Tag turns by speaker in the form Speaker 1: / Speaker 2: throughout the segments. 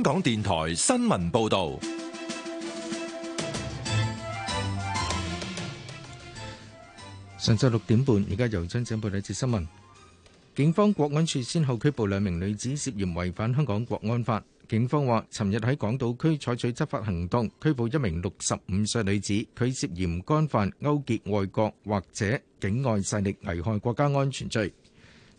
Speaker 1: 香港電台新聞報道，
Speaker 2: 上晝六點半，而家由張姐報道一節新聞。警方國安處先後拘捕兩名女子，涉嫌違反香港國安法。警方話，尋日喺港島區採取執法行動，拘捕一名六十五歲女子，佢涉嫌干犯勾結外國或者境外勢力危害國家安全罪。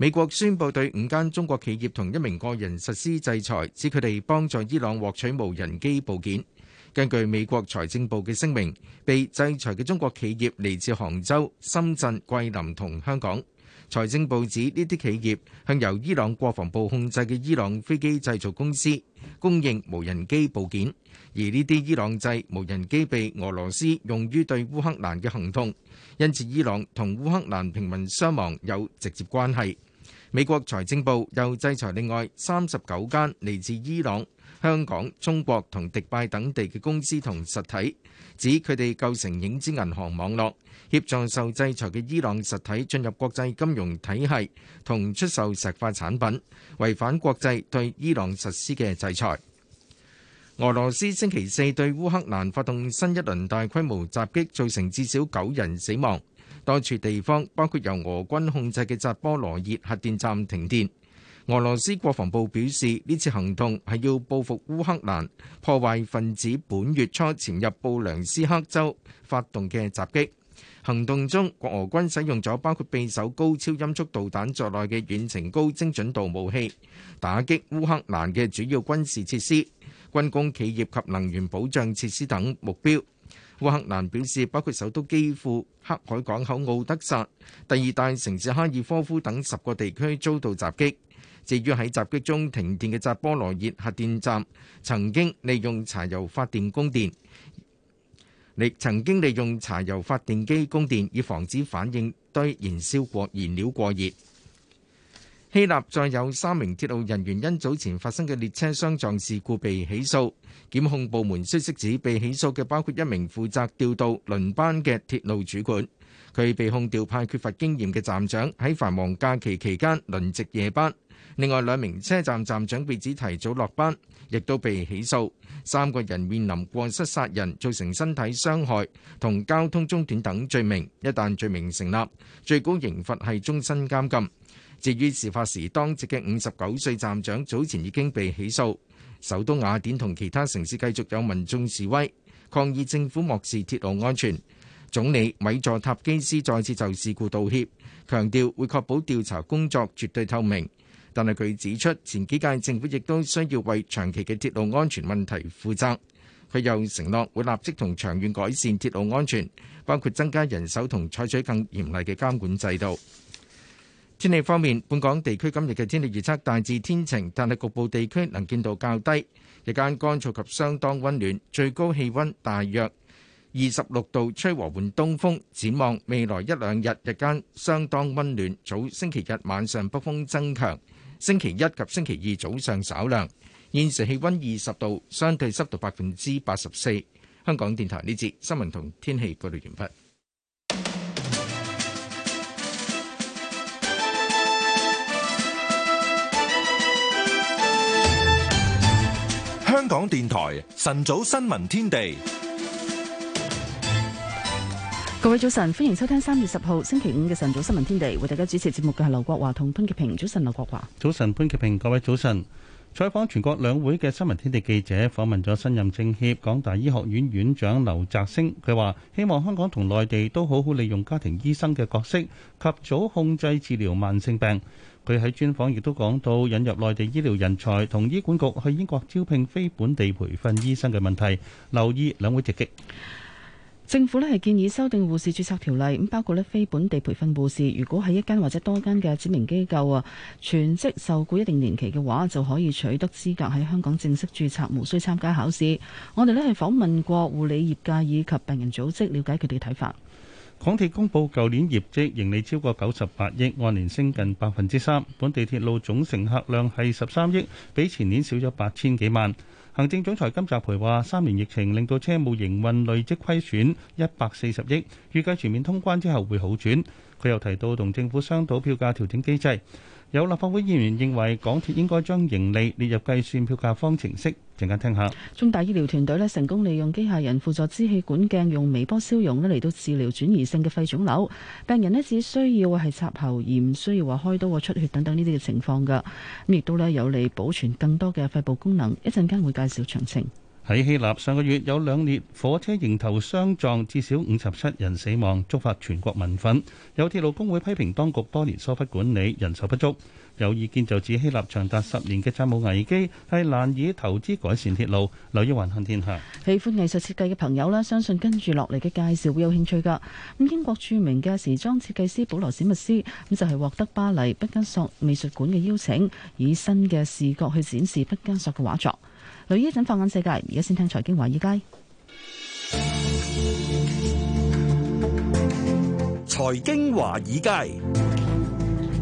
Speaker 2: 美國宣布對五間中國企業同一名個人實施制裁，指佢哋幫助伊朗獲取無人機部件。根據美國財政部嘅聲明，被制裁嘅中國企業嚟自杭州、深圳、桂林同香港。財政部指呢啲企業向由伊朗國防部控制嘅伊朗飛機製造公司供應無人機部件，而呢啲伊朗製無人機被俄羅斯用於對烏克蘭嘅行動，因此伊朗同烏克蘭平民傷亡有直接關係。美國財政部又制裁另外三十九間嚟自伊朗、香港、中國同迪拜等地嘅公司同實體，指佢哋構成影子銀行網絡，協助受制裁嘅伊朗實體進入國際金融體系同出售石化產品，違反國際對伊朗實施嘅制裁。俄羅斯星期四對烏克蘭發動新一輪大規模襲擊，造成至少九人死亡。多處地方，包括由俄軍控制嘅扎波羅熱核電站停電。俄羅斯國防部表示，呢次行動係要報復烏克蘭破壞分子本月初潛入布良斯克州發動嘅襲擊。行動中，國俄軍使用咗包括匕首高超音速導彈在內嘅遠程高精準度武器，打擊烏克蘭嘅主要軍事設施、軍工企業及能源保障設施等目標。烏克蘭表示，包括首都基輔、黑海港口敖德薩、第二大城市哈爾科夫等十個地區遭到襲擊。至於喺襲擊中停電嘅扎波羅熱核電站，曾經利用柴油發電供電，亦曾經利用柴油發電機供電，以防止反應堆燃燒過燃料過熱。希臘再有三名鐵路人員因早前發生嘅列車相撞事故被起訴，檢控部門消息指，被起訴嘅包括一名負責調度輪班嘅鐵路主管，佢被控調派缺乏經驗嘅站長喺繁忙假期期間輪值夜班。另外兩名車站站長被指提早落班，亦都被起訴。三個人面臨過失殺人、造成身體傷害同交通中斷等罪名。一旦罪名成立，最高刑罰係終身監禁。至於事發時當值嘅五十九歲站長早前已經被起訴。首都雅典同其他城市繼續有民眾示威，抗議政府漠視鐵路安全。總理米佐塔基斯再次就事故道歉，強調會確保調查工作絕對透明。但係佢指出，前幾屆政府亦都需要為長期嘅鐵路安全問題負責。佢又承諾會立即同長遠改善鐵路安全，包括增加人手同採取更嚴厲嘅監管制度。天氣方面，本港地區今日嘅天氣預測大致天晴，但係局部地區能見度較低。日間乾燥及相當溫暖，最高氣溫大約二十六度，吹和緩東風。展望未來一兩日，日間相當溫暖。早星期日晚上北風增強，星期一及星期二早上稍涼。現時氣溫二十度，相對濕度百分之八十四。香港電台呢節新聞同天氣報道完畢。
Speaker 1: 香港電台晨早新聞天地，
Speaker 3: 各位早晨，歡迎收聽三月十號星期五嘅晨早新聞天地，為大家主持節目嘅係劉國華同潘潔平。早晨，劉國華。
Speaker 4: 早晨，潘潔平。各位早晨。採訪全國兩會嘅新聞天地記者訪問咗新任政協港大醫學院院，院長劉澤星。佢話希望香港同內地都好好利用家庭醫生嘅角色，及早控制治療慢性病。佢喺專訪亦都講到引入內地醫療人才同醫管局去英國招聘非本地培訓醫生嘅問題，留意兩會直擊。
Speaker 3: 政府咧係建議修訂護士註冊條例，咁包括咧非本地培訓護士，如果喺一間或者多間嘅指名機構啊，全職受雇一定年期嘅話，就可以取得資格喺香港正式註冊，無需參加考試。我哋咧係訪問過護理業界以及病人組織，了解佢哋嘅睇法。
Speaker 4: 港鐵公佈舊年業績，盈利超過九十八億，按年升近百分之三。本地鐵路總乘客量係十三億，比前年少咗八千幾萬。行政總裁金澤培話，三年疫情令到車務營運累積虧損一百四十億，預計全面通關之後會好轉。佢又提到同政府商討票價調整機制。有立法會議員認為港鐵應該將盈利列入計算票價方程式，陣間聽下。
Speaker 3: 中大醫療團隊咧成功利用機械人輔助支氣管鏡用微波消融咧嚟到治療轉移性嘅肺腫瘤，病人咧只需要係插喉而唔需要話開刀或出血等等呢啲嘅情況噶，咁亦都咧有利保存更多嘅肺部功能。一陣間會介紹詳情。
Speaker 4: 喺希臘，上個月有兩列火車迎頭相撞，至少五十七人死亡，觸發全國民憤。有鐵路工會批評當局多年疏忽管理、人手不足。有意見就指希臘長達十年嘅債務危機係難以投資改善鐵路。留意橫行天下
Speaker 3: 喜歡藝術設計嘅朋友咧，相信跟住落嚟嘅介紹會有興趣噶。咁英國著名嘅時裝設計師保羅史密斯咁就係獲得巴黎畢加索美術館嘅邀請，以新嘅視覺去展示畢加索嘅畫作。女一陣放眼世界，而家先聽財經華爾街。財經華爾街，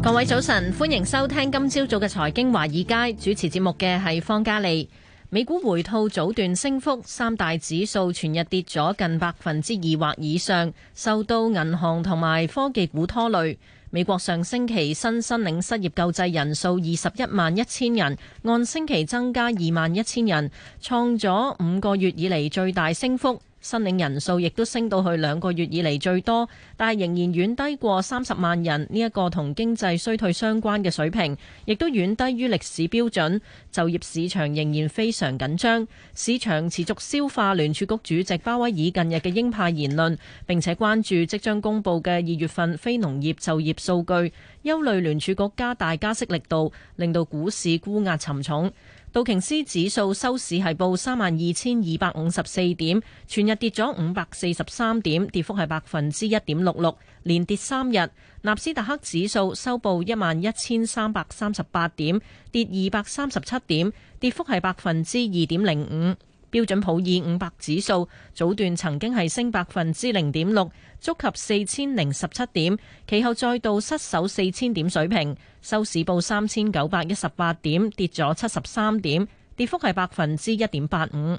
Speaker 5: 各位早晨，歡迎收聽今朝早嘅財經華爾街。主持節目嘅係方嘉莉。美股回吐早段升幅，三大指數全日跌咗近百分之二或以上，受到銀行同埋科技股拖累。美國上星期新申領失業救濟人數二十一萬一千人，按星期增加二萬一千人，創咗五個月以嚟最大升幅。申領人數亦都升到去兩個月以嚟最多，但係仍然遠低過三十萬人呢一個同經濟衰退相關嘅水平，亦都遠低於歷史標準，就業市場仍然非常緊張，市場持續消化聯儲局主席鮑威爾近日嘅鷹派言論，並且關注即將公布嘅二月份非農業就業數據，憂慮聯儲局加大加息力度，令到股市沽壓沉重。道瓊斯指數收市係報三萬二千二百五十四點，全日跌咗五百四十三點，跌幅係百分之一點六六，連跌三日。納斯達克指數收報一萬一千三百三十八點，跌二百三十七點，跌幅係百分之二點零五。標準普爾五百指數早段曾經係升百分之零點六，觸及四千零十七點，其後再度失守四千點水平，收市報三千九百一十八點，跌咗七十三點，跌幅係百分之一點八五。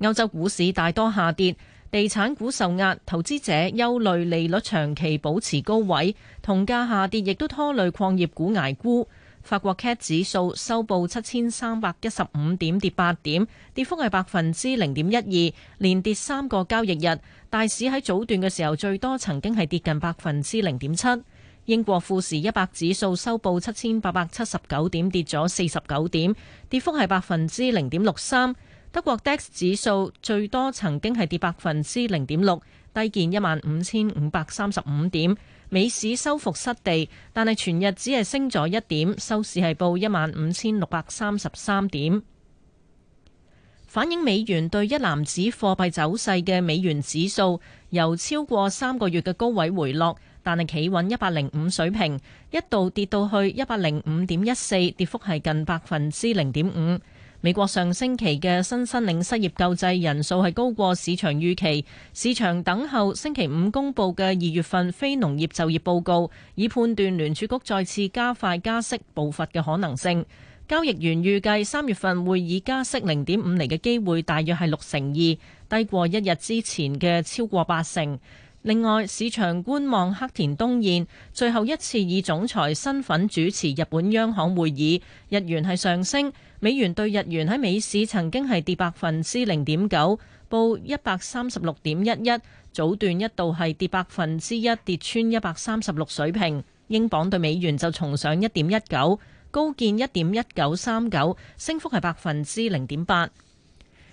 Speaker 5: 歐洲股市大多下跌，地產股受壓，投資者憂慮利率長期保持高位，同價下跌亦都拖累礦業股捱沽。法國 CAC 指數收報七千三百一十五點，跌八點，跌幅係百分之零點一二，連跌三個交易日。大市喺早段嘅時候最多曾經係跌近百分之零點七。英國富時一百指數收報七千八百七十九點，跌咗四十九點，跌幅係百分之零點六三。德國 DAX 指數最多曾經係跌百分之零點六，低見一萬五千五百三十五點。美市收復失地，但係全日只係升咗一點，收市係報一萬五千六百三十三點。反映美元對一籃子貨幣走勢嘅美元指數由超過三個月嘅高位回落，但係企穩一百零五水平，一度跌到去一百零五點一四，跌幅係近百分之零點五。美國上星期嘅新申領失業救濟人數係高過市場預期，市場等候星期五公佈嘅二月份非農業就業報告，以判斷聯儲局再次加快加息步伐嘅可能性。交易員預計三月份會以加息零點五厘嘅機會，大約係六成二，低過一日之前嘅超過八成。另外，市場觀望黑田東彥最後一次以總裁身份主持日本央行會議，日元係上升，美元對日元喺美市曾經係跌百分之零點九，報一百三十六點一一，早段一度係跌百分之一，跌穿一百三十六水平。英鎊對美元就重上一點一九，高見一點一九三九，升幅係百分之零點八。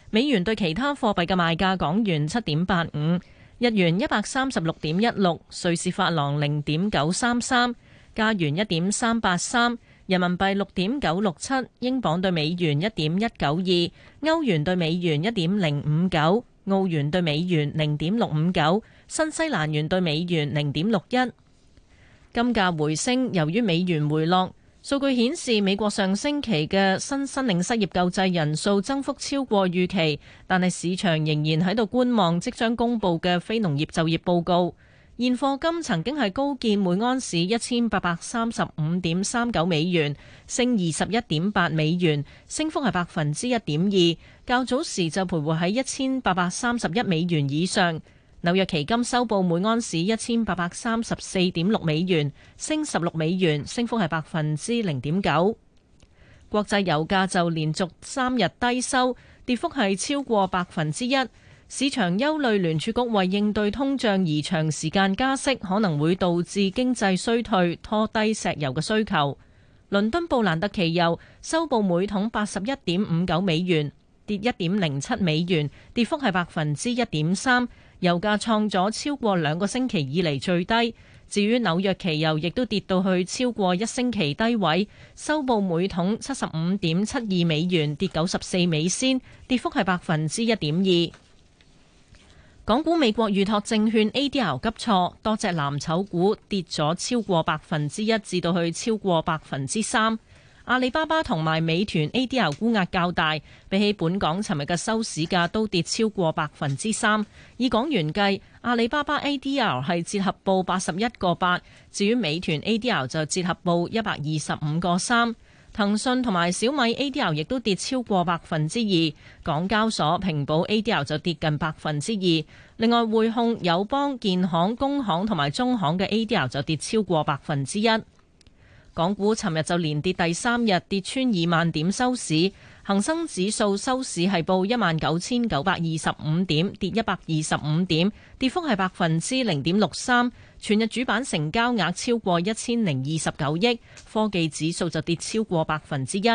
Speaker 5: 美元對其他貨幣嘅賣價講完，港元七點八五。日元一百三十六點一六，瑞士法郎零點九三三，加元一點三八三，人民幣六點九六七，英鎊對美元一點一九二，歐元對美元一點零五九，澳元對美元零點六五九，新西蘭元對美元零點六一。金價回升，由於美元回落。數據顯示，美國上星期嘅新申領失業救濟人數增幅超過預期，但係市場仍然喺度觀望即將公布嘅非農業就業報告。現貨金曾經係高見每安士一千八百三十五點三九美元，升二十一點八美元，升幅係百分之一點二。較早時就徘徊喺一千八百三十一美元以上。紐約期金收報每安士一千八百三十四點六美元，升十六美元，升幅係百分之零點九。國際油價就連續三日低收，跌幅係超過百分之一。市場憂慮聯儲局為應對通脹而長時間加息，可能會導致經濟衰退，拖低石油嘅需求。倫敦布蘭德期油收報每桶八十一點五九美元，跌一點零七美元，跌幅係百分之一點三。油價創咗超過兩個星期以嚟最低，至於紐約期油亦都跌到去超過一星期低位，收報每桶七十五點七二美元，跌九十四美仙，跌幅係百分之一點二。港股美國預託證券 ADR 急挫，多隻藍籌股跌咗超過百分之一，至到去超過百分之三。阿里巴巴同埋美團 ADR 沽壓較大，比起本港尋日嘅收市價都跌超過百分之三。以港元計，阿里巴巴 ADR 係折合報八十一個八，至於美團 ADR 就折合報一百二十五個三。騰訊同埋小米 ADR 亦都跌超過百分之二。港交所平保 ADR 就跌近百分之二。另外，匯控、友邦、建行、工行同埋中行嘅 ADR 就跌超過百分之一。港股尋日就連跌第三日，跌穿二萬點收市。恆生指數收市係報一萬九千九百二十五點，跌一百二十五點，跌幅係百分之零點六三。全日主板成交額超過一千零二十九億，科技指數就跌超過百分之一。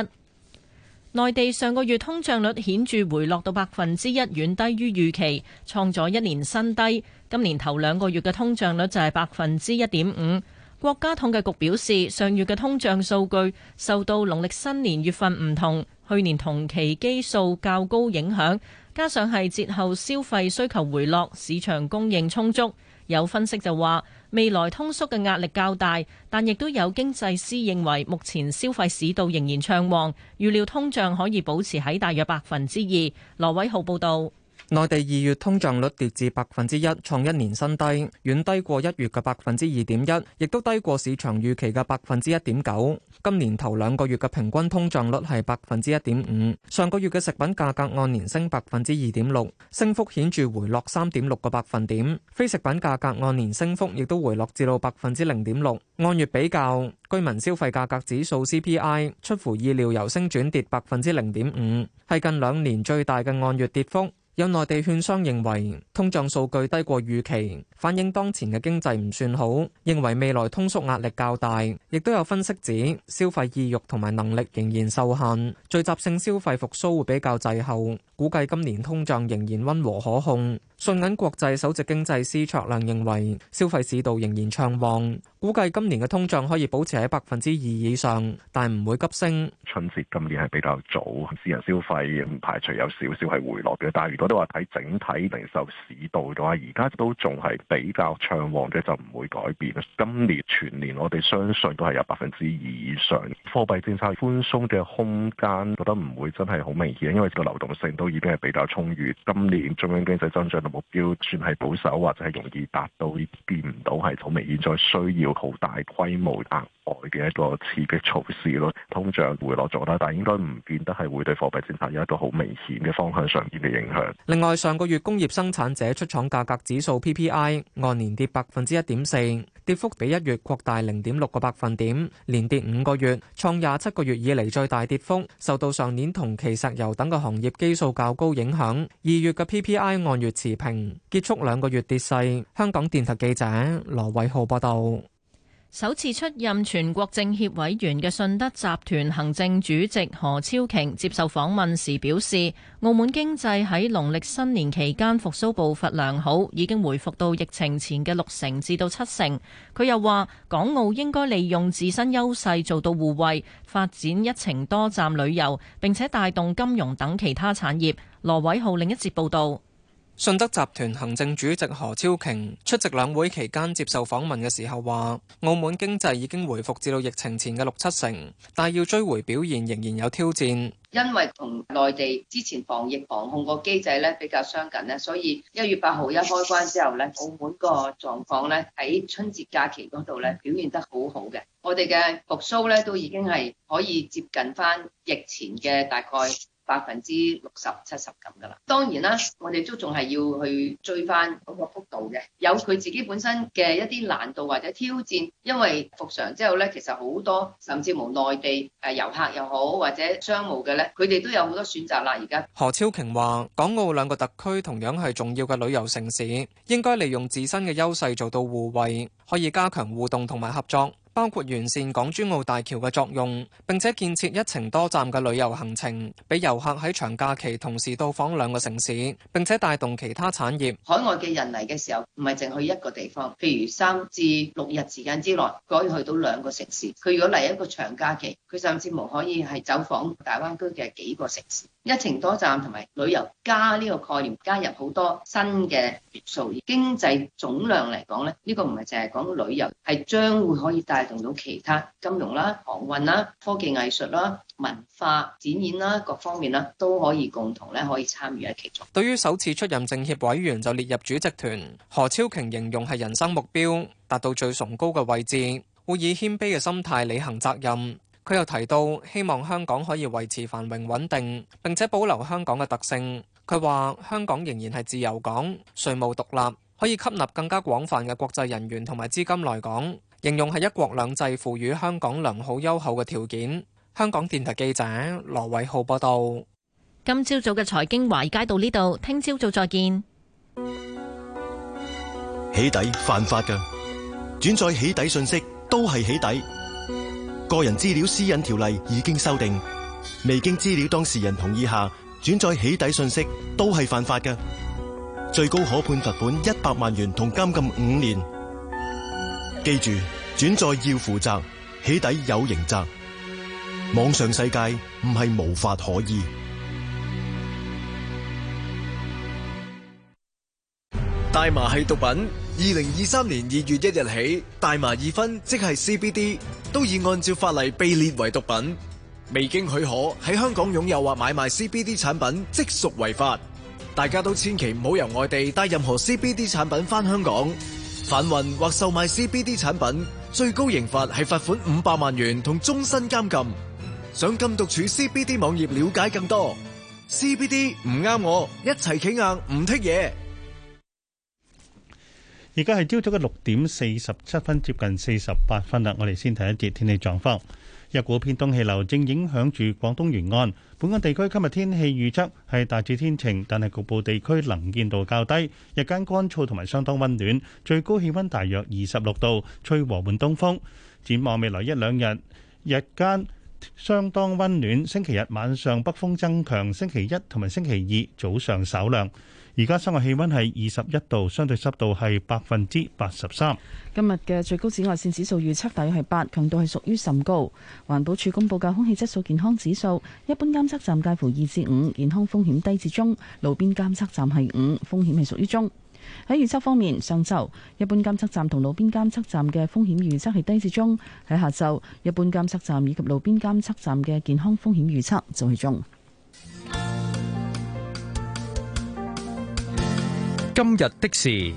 Speaker 5: 內地上個月通脹率顯著回落到百分之一，遠低於預期，創咗一年新低。今年頭兩個月嘅通脹率就係百分之一點五。國家統計局表示，上月嘅通脹數據受到農曆新年月份唔同去年同期基數較高影響，加上係節後消費需求回落，市場供應充足。有分析就話未來通縮嘅壓力較大，但亦都有經濟師認為目前消費市道仍然暢旺，預料通脹可以保持喺大約百分之二。羅偉浩報道。
Speaker 6: 內地二月通脹率跌至百分之一，創一年新低，遠低過一月嘅百分之二點一，亦都低過市場預期嘅百分之一點九。今年頭兩個月嘅平均通脹率係百分之一點五。上個月嘅食品價格按年升百分之二點六，升幅顯著回落三點六個百分點。非食品價格按年升幅亦都回落至到百分之零點六。按月比較，居民消費價格指數 CPI 出乎意料由升轉跌百分之零點五，係近兩年最大嘅按月跌幅。有內地券商認為通脹數據低過預期，反映當前嘅經濟唔算好，認為未來通縮壓力較大。亦都有分析指消費意欲同埋能力仍然受限，聚集性消費復甦會比較滯後。估計今年通脹仍然溫和可控。信銀國際首席經濟師卓亮認為，消費市道仍然暢旺，估計今年嘅通脹可以保持喺百分之二以上，
Speaker 7: 但唔會急升。春節今年係比較早，私人消費唔排除有少少係回落嘅，但係如果都話睇整體零售市道嘅話，而家都仲係比較暢旺嘅，就唔會改變。今年全年我哋相信都係有百分之二以上貨幣政策寬鬆嘅空間，覺得唔會真係好明顯，因為個流動性都已經係比較充裕。今年中央經濟增長。目標算係保守或者係容易達到，變唔到係好明顯現在需要好大規模額外嘅一個刺激措施咯。通脹回落咗啦，但係應該唔見得係會對貨幣政策有一個好明顯嘅方向上邊嘅影響。
Speaker 6: 另外，上個月工業生產者出廠價格指數 PPI 按年跌百分之一點四。跌幅比一月擴大零點六個百分點，連跌五個月，創廿七個月以嚟最大跌幅，受到上年同期石油等嘅行業基數較高影響。二月嘅 PPI 按月持平，結束兩個月跌勢。香港電台記者羅偉浩報道。
Speaker 5: 首次出任全國政協委員嘅信德集團行政主席何超瓊接受訪問時表示，澳門經濟喺農曆新年期間復甦步伐良好，已經回復到疫情前嘅六成至到七成。佢又話，港澳應該利用自身優勢做到互惠，發展一程多站旅遊，並且帶動金融等其他產業。羅偉浩另一節報道。
Speaker 6: 信德集團行政主席何超瓊出席兩會期間接受訪問嘅時候話，澳門經濟已經回復至到疫情前嘅六七成，但要追回表現仍然有挑戰。
Speaker 8: 因為同內地之前防疫防控個機制咧比較相近咧，所以一月八號一開關之後咧，澳門個狀況咧喺春節假期嗰度咧表現得好好嘅，我哋嘅復甦咧都已經係可以接近翻疫前嘅大概。百分之六十、七十咁噶啦。當然啦，我哋都仲係要去追翻嗰個幅度嘅，有佢自己本身嘅一啲難度或者挑戰。因為復常之後咧，其實好多甚至無內地誒遊客又好，或者商務嘅咧，佢哋都有好多選擇啦。而家
Speaker 6: 何超瓊話，港澳兩個特區同樣係重要嘅旅遊城市，應該利用自身嘅優勢做到互惠，可以加強互動同埋合作。包括完善港珠澳大橋嘅作用，並且建設一程多站嘅旅遊行程，俾遊客喺長假期同時到訪兩個城市，並且帶動其他產業。
Speaker 8: 海外嘅人嚟嘅時候，唔係淨去一個地方，譬如三至六日時間之內，可以去到兩個城市。佢如果嚟一個長假期，佢甚至乎可以係走訪大灣區嘅幾個城市。一程多站同埋旅遊加呢個概念加入好多新嘅元素，經濟總量嚟講咧，呢個唔係淨係講旅遊，係將會可以帶動到其他金融啦、航運啦、科技藝術啦、文化展演啦各方面啦，都可以共同咧可以參與喺其中。
Speaker 6: 對於首次出任政協委員就列入主席團，何超瓊形容係人生目標達到最崇高嘅位置，會以謙卑嘅心態履行責任。佢又提到，希望香港可以維持繁榮穩定，並且保留香港嘅特性。佢話香港仍然係自由港，稅務獨立，可以吸納更加廣泛嘅國際人員同埋資金來港。形容係一國兩制賦予香港良好優厚嘅條件。香港電台記者羅偉浩報道。
Speaker 5: 今朝早嘅財經華爾街到呢度，聽朝早再見。
Speaker 6: 起底犯法
Speaker 9: 嘅，轉載起底信息都係起底。個人資料私隱條例已經修訂，未經資料當事人同意下轉載起底信息都係犯法嘅，最高可判罰款一百萬元同監禁五年。記住，轉載要負責，起底有刑責。
Speaker 1: 網上世界唔係無法可依。
Speaker 2: 大麻係毒品。二零二三年二月一日起，大麻二酚即係 CBD，都已按照法例被列為毒品。未經許可喺香港擁有或買賣 CBD 產品，即屬違法。大家都千祈唔好由外地帶任何 CBD 產品返香港。販運或售賣 CBD 產品，最高刑罰係罰款五百萬元同終身監禁。上禁毒處 CBD 網頁了解更多。CBD 唔啱我，一齊企硬唔 take 嘢。
Speaker 4: 而家係朝早嘅六點四十七分，接近四十八分啦。我哋先睇一節天氣狀況。一股偏東氣流正影響住廣東沿岸，本港地區今日天氣預測係大致天晴，但係局部地區能見度較低。日間乾燥同埋相當溫暖，最高氣溫大約二十六度，吹和緩東風。展望未來一兩日，日間相當溫暖。星期日晚上北風增強，星期一同埋星期二早上稍涼。而家室外氣溫係二十一度，相對濕度係百分之八十三。
Speaker 3: 今日嘅最高紫外線指數預測大約係八，強度係屬於甚高。環保署公佈嘅空氣質素健康指數，一般監測站介乎二至五，健康風險低至中；路邊監測站係五，風險係屬於中。喺預測方面，上晝一般監測站同路邊監測站嘅風險預測係低至中；喺下晝，一般監測站以及路邊監測站嘅健康風險預測就係中。
Speaker 2: 今日的事，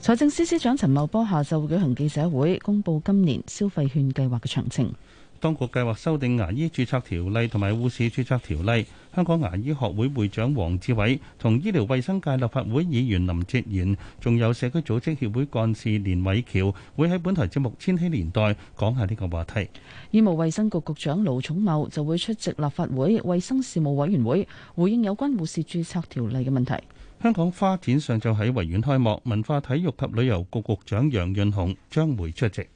Speaker 3: 財政司司長陳茂波下晝舉行記者會，公布今年消費券計劃嘅詳情。
Speaker 4: 當局計劃修訂牙醫注冊條例同埋護士注冊條例。香港牙醫學會會長黃志偉、同醫療衛生界立法會議員林哲玄，仲有社區組織協會幹事連偉喬，會喺本台節目《千禧年代》講下呢個話題。
Speaker 3: 醫務衛生局局長盧寵茂就會出席立法會衛生事務委員
Speaker 4: 會，回應有關護士注冊條例嘅問題。香港花展上晝喺維園開幕，文化體育及旅遊局局長楊潤雄將會出席。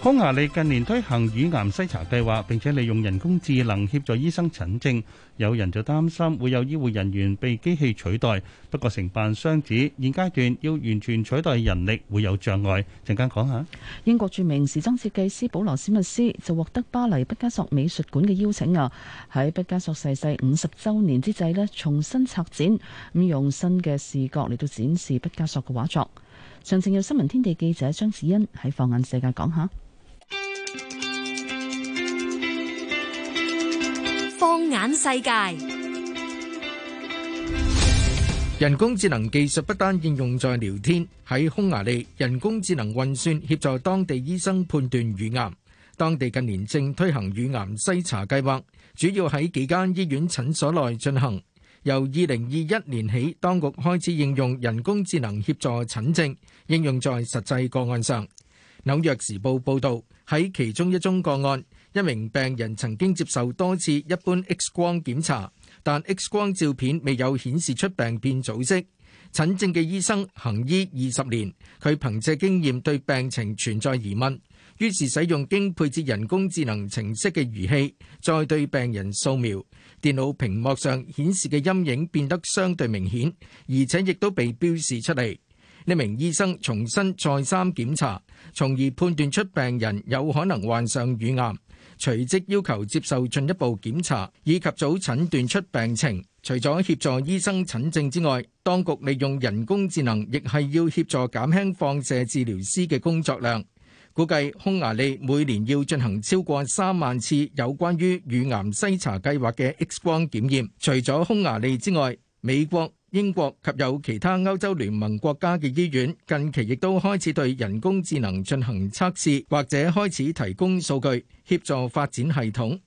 Speaker 4: 匈牙利近年推行乳癌篩查計劃，並且利用人工智能協助醫生診症。有人就擔心會有醫護人員被機器取代。不過承辦商指現階段要完全取代人力會有障礙。陣間講下，
Speaker 3: 英國著名時裝設計師保羅史密斯就獲得巴黎畢加索美術館嘅邀請啊！喺畢加索逝世五十周年之際咧，重新策展，咁用新嘅視覺嚟到展示畢加索嘅畫作。詳情有新聞天地記者張子欣喺放眼世界講下。
Speaker 10: 放眼世界，
Speaker 2: 人工智能技術不單應用在聊天。喺匈牙利，人工智能運算協助當地醫生判斷乳癌。當地近年正推行乳癌篩查計劃，主要喺幾間醫院診所內進行。由二零二一年起，當局開始應用人工智能協助診症，應用在實際個案上。《紐約時報》報導，喺其中一宗個案，一名病人曾經接受多次一般 X 光檢查，但 X 光照片未有顯示出病變組織。診症嘅醫生行醫二十年，佢憑藉經驗對病情存在疑問，於是使用經配置人工智能程式嘅儀器，再對病人掃描。電腦屏幕上顯示嘅陰影變得相對明顯，而且亦都被標示出嚟。呢名醫生重新再三檢查，從而判斷出病人有可能患上乳癌，隨即要求接受進一步檢查以及早診斷出病情。除咗協助醫生診症之外，當局利用人工智能亦係要協助減輕放射治療師嘅工作量。估計匈牙利每年要進行超過三萬次有關於乳癌篩查計劃嘅 X 光檢驗。除咗匈牙利之外，美國、英國及有其他歐洲聯盟國家嘅醫院，近期亦都開始對人工智能進行測試，或者開始提供數據協助發展系統。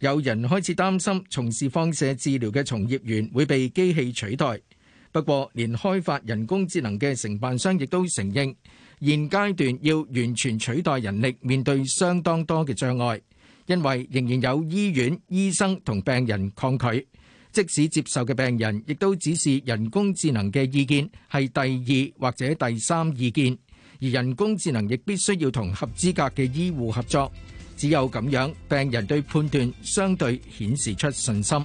Speaker 2: 有人開始擔心從事放射治療嘅從業員會被機器取代。不過，連開發人工智能嘅承辦商亦都承認，現階段要完全取代人力，面對相當多嘅障礙，因為仍然有醫院、醫生同病人抗拒。即使接受嘅病人，亦都只是人工智能嘅意見，係第二或者第三意見，而人工智能亦必須要同合資格嘅醫護合作，只有咁樣病人對判斷相對顯示出信心。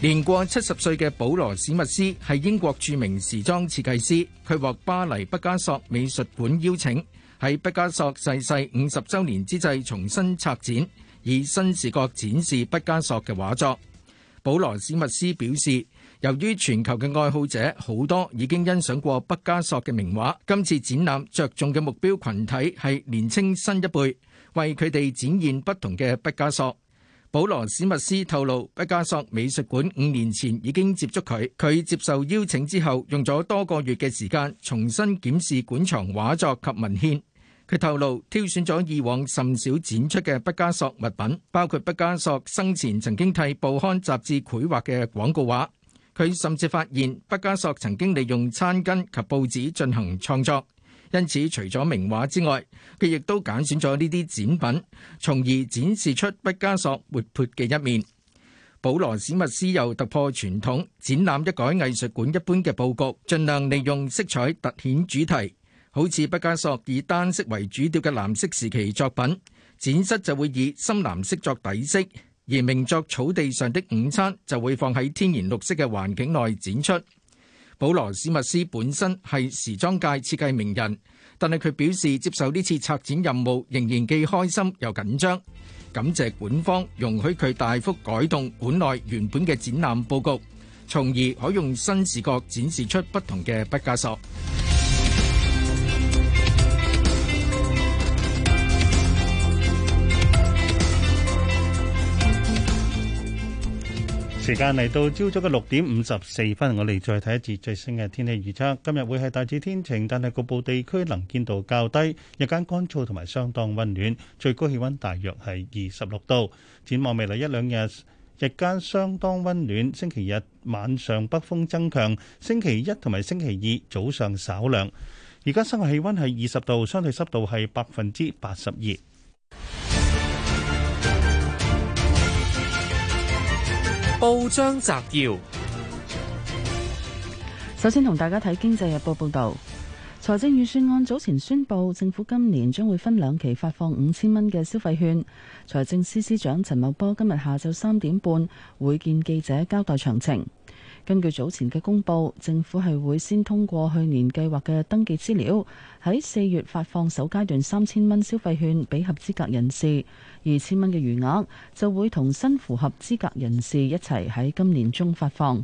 Speaker 2: 年過七十歲嘅保羅史密斯係英國著名時裝設計師，佢獲巴黎畢加索美術館邀請，喺畢加索逝世五十周年之際重新策展。以新視角展示畢加索嘅畫作。保羅史密斯表示，由於全球嘅愛好者好多已經欣賞過畢加索嘅名畫，今次展覽着重嘅目標群體係年青新一輩，為佢哋展現不同嘅畢加索。保羅史密斯透露，畢加索美術館五年前已經接觸佢，佢接受邀請之後，用咗多個月嘅時間重新檢視館藏畫作及文獻。佢透露挑選咗以往甚少展出嘅畢加索物品，包括畢加索生前曾經替報刊雜誌繪畫嘅廣告畫。佢甚至發現畢加索曾經利用餐巾及報紙進行創作，因此除咗名畫之外，佢亦都揀選咗呢啲展品，從而展示出畢加索活潑嘅一面。保羅史密斯又突破傳統，展覽一改藝術館一般嘅布局，盡量利用色彩凸顯主題。好似畢加索以單色為主調嘅藍色時期作品，展室就會以深藍色作底色；而名作《草地上的午餐》就會放喺天然綠色嘅環境內展出。保羅史密斯本身係時裝界設計名人，但係佢表示接受呢次策展任務仍然既開心又緊張。感謝館方容許佢大幅改動館內原本嘅展覽布局，從而可用新視角展示出不同嘅畢加索。
Speaker 4: 時間嚟到朝早嘅六點五十四分，我哋再睇一次最新嘅天氣預測。今日會係大致天晴，但係局部地區能見度較低。日間乾燥同埋相當溫暖，最高氣溫大約係二十六度。展望未來一兩日，日間相當溫暖。星期日晚上北風增強，星期一同埋星期二早上稍涼。而家室外氣溫係二十度，相對濕度係百分之八十二。報章摘要，
Speaker 3: 首先同大家睇《經濟日報》報道，財政預算案早前宣布，政府今年將會分兩期發放五千蚊嘅消費券。財政司司長陳茂波今日下晝三點半會見記者，交代詳情。根據早前嘅公佈，政府係會先通過去年計劃嘅登記資料，喺四月發放首階段三千蚊消費券俾合資格人士，二千蚊嘅餘額就會同新符合資格人士一齊喺今年中發放。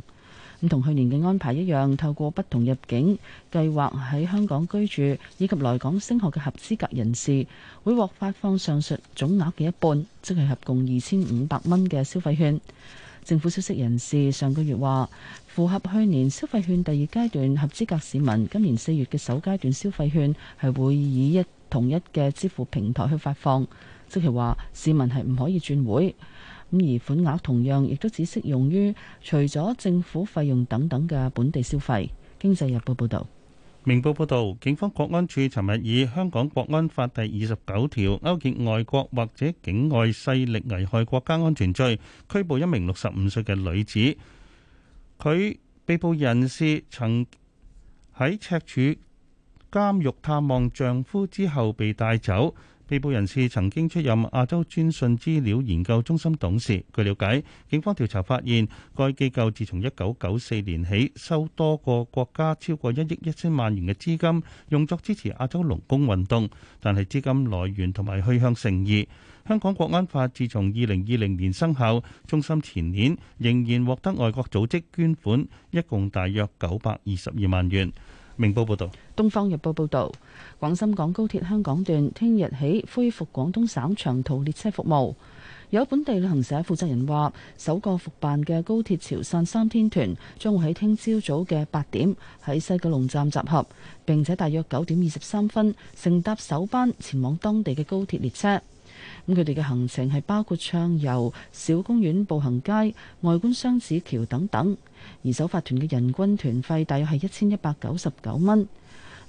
Speaker 3: 咁同去年嘅安排一樣，透過不同入境計劃喺香港居住以及來港升學嘅合資格人士，會獲發放上述總額嘅一半，即係合共二千五百蚊嘅消費券。政府消息人士上個月話符合去年消費券第二階段合資格市民，今年四月嘅首階段消費券係會以一同一嘅支付平台去發放。即係話市民係唔可以轉會，咁而款額同樣亦都只適用於除咗政府費用等等嘅本地消費。經濟日報報道。
Speaker 4: 明報報導，警方國安處尋日以香港國安法第二十九條勾結外國或者境外勢力危害國家安全罪，拘捕一名六十五歲嘅女子。佢被捕人士曾喺赤柱監獄探望丈夫之後被帶走。被捕人士曾經出任亞洲專訊資料研究中心董事。據了解，警方調查發現，該機構自從一九九四年起收多個國家超過一億一千萬元嘅資金，用作支持亞洲勞工運動。但係資金來源同埋去向誠意。香港國安法自從二零二零年生效，中心前年仍然獲得外國組織捐款，一共大約九百二十二萬元。明報報導，
Speaker 3: 東方日報報道：廣深港高鐵香港段聽日起恢復廣東省長途列車服務。有本地旅行社負責人話，首個復辦嘅高鐵潮汕三天團將會喺聽朝早嘅八點喺西九龍站集合，並且大約九點二十三分乘搭首班前往當地嘅高鐵列車。佢哋嘅行程係包括暢遊小公園、步行街、外觀雙子橋等等，而首發團嘅人均團費大約係一千一百九十九蚊。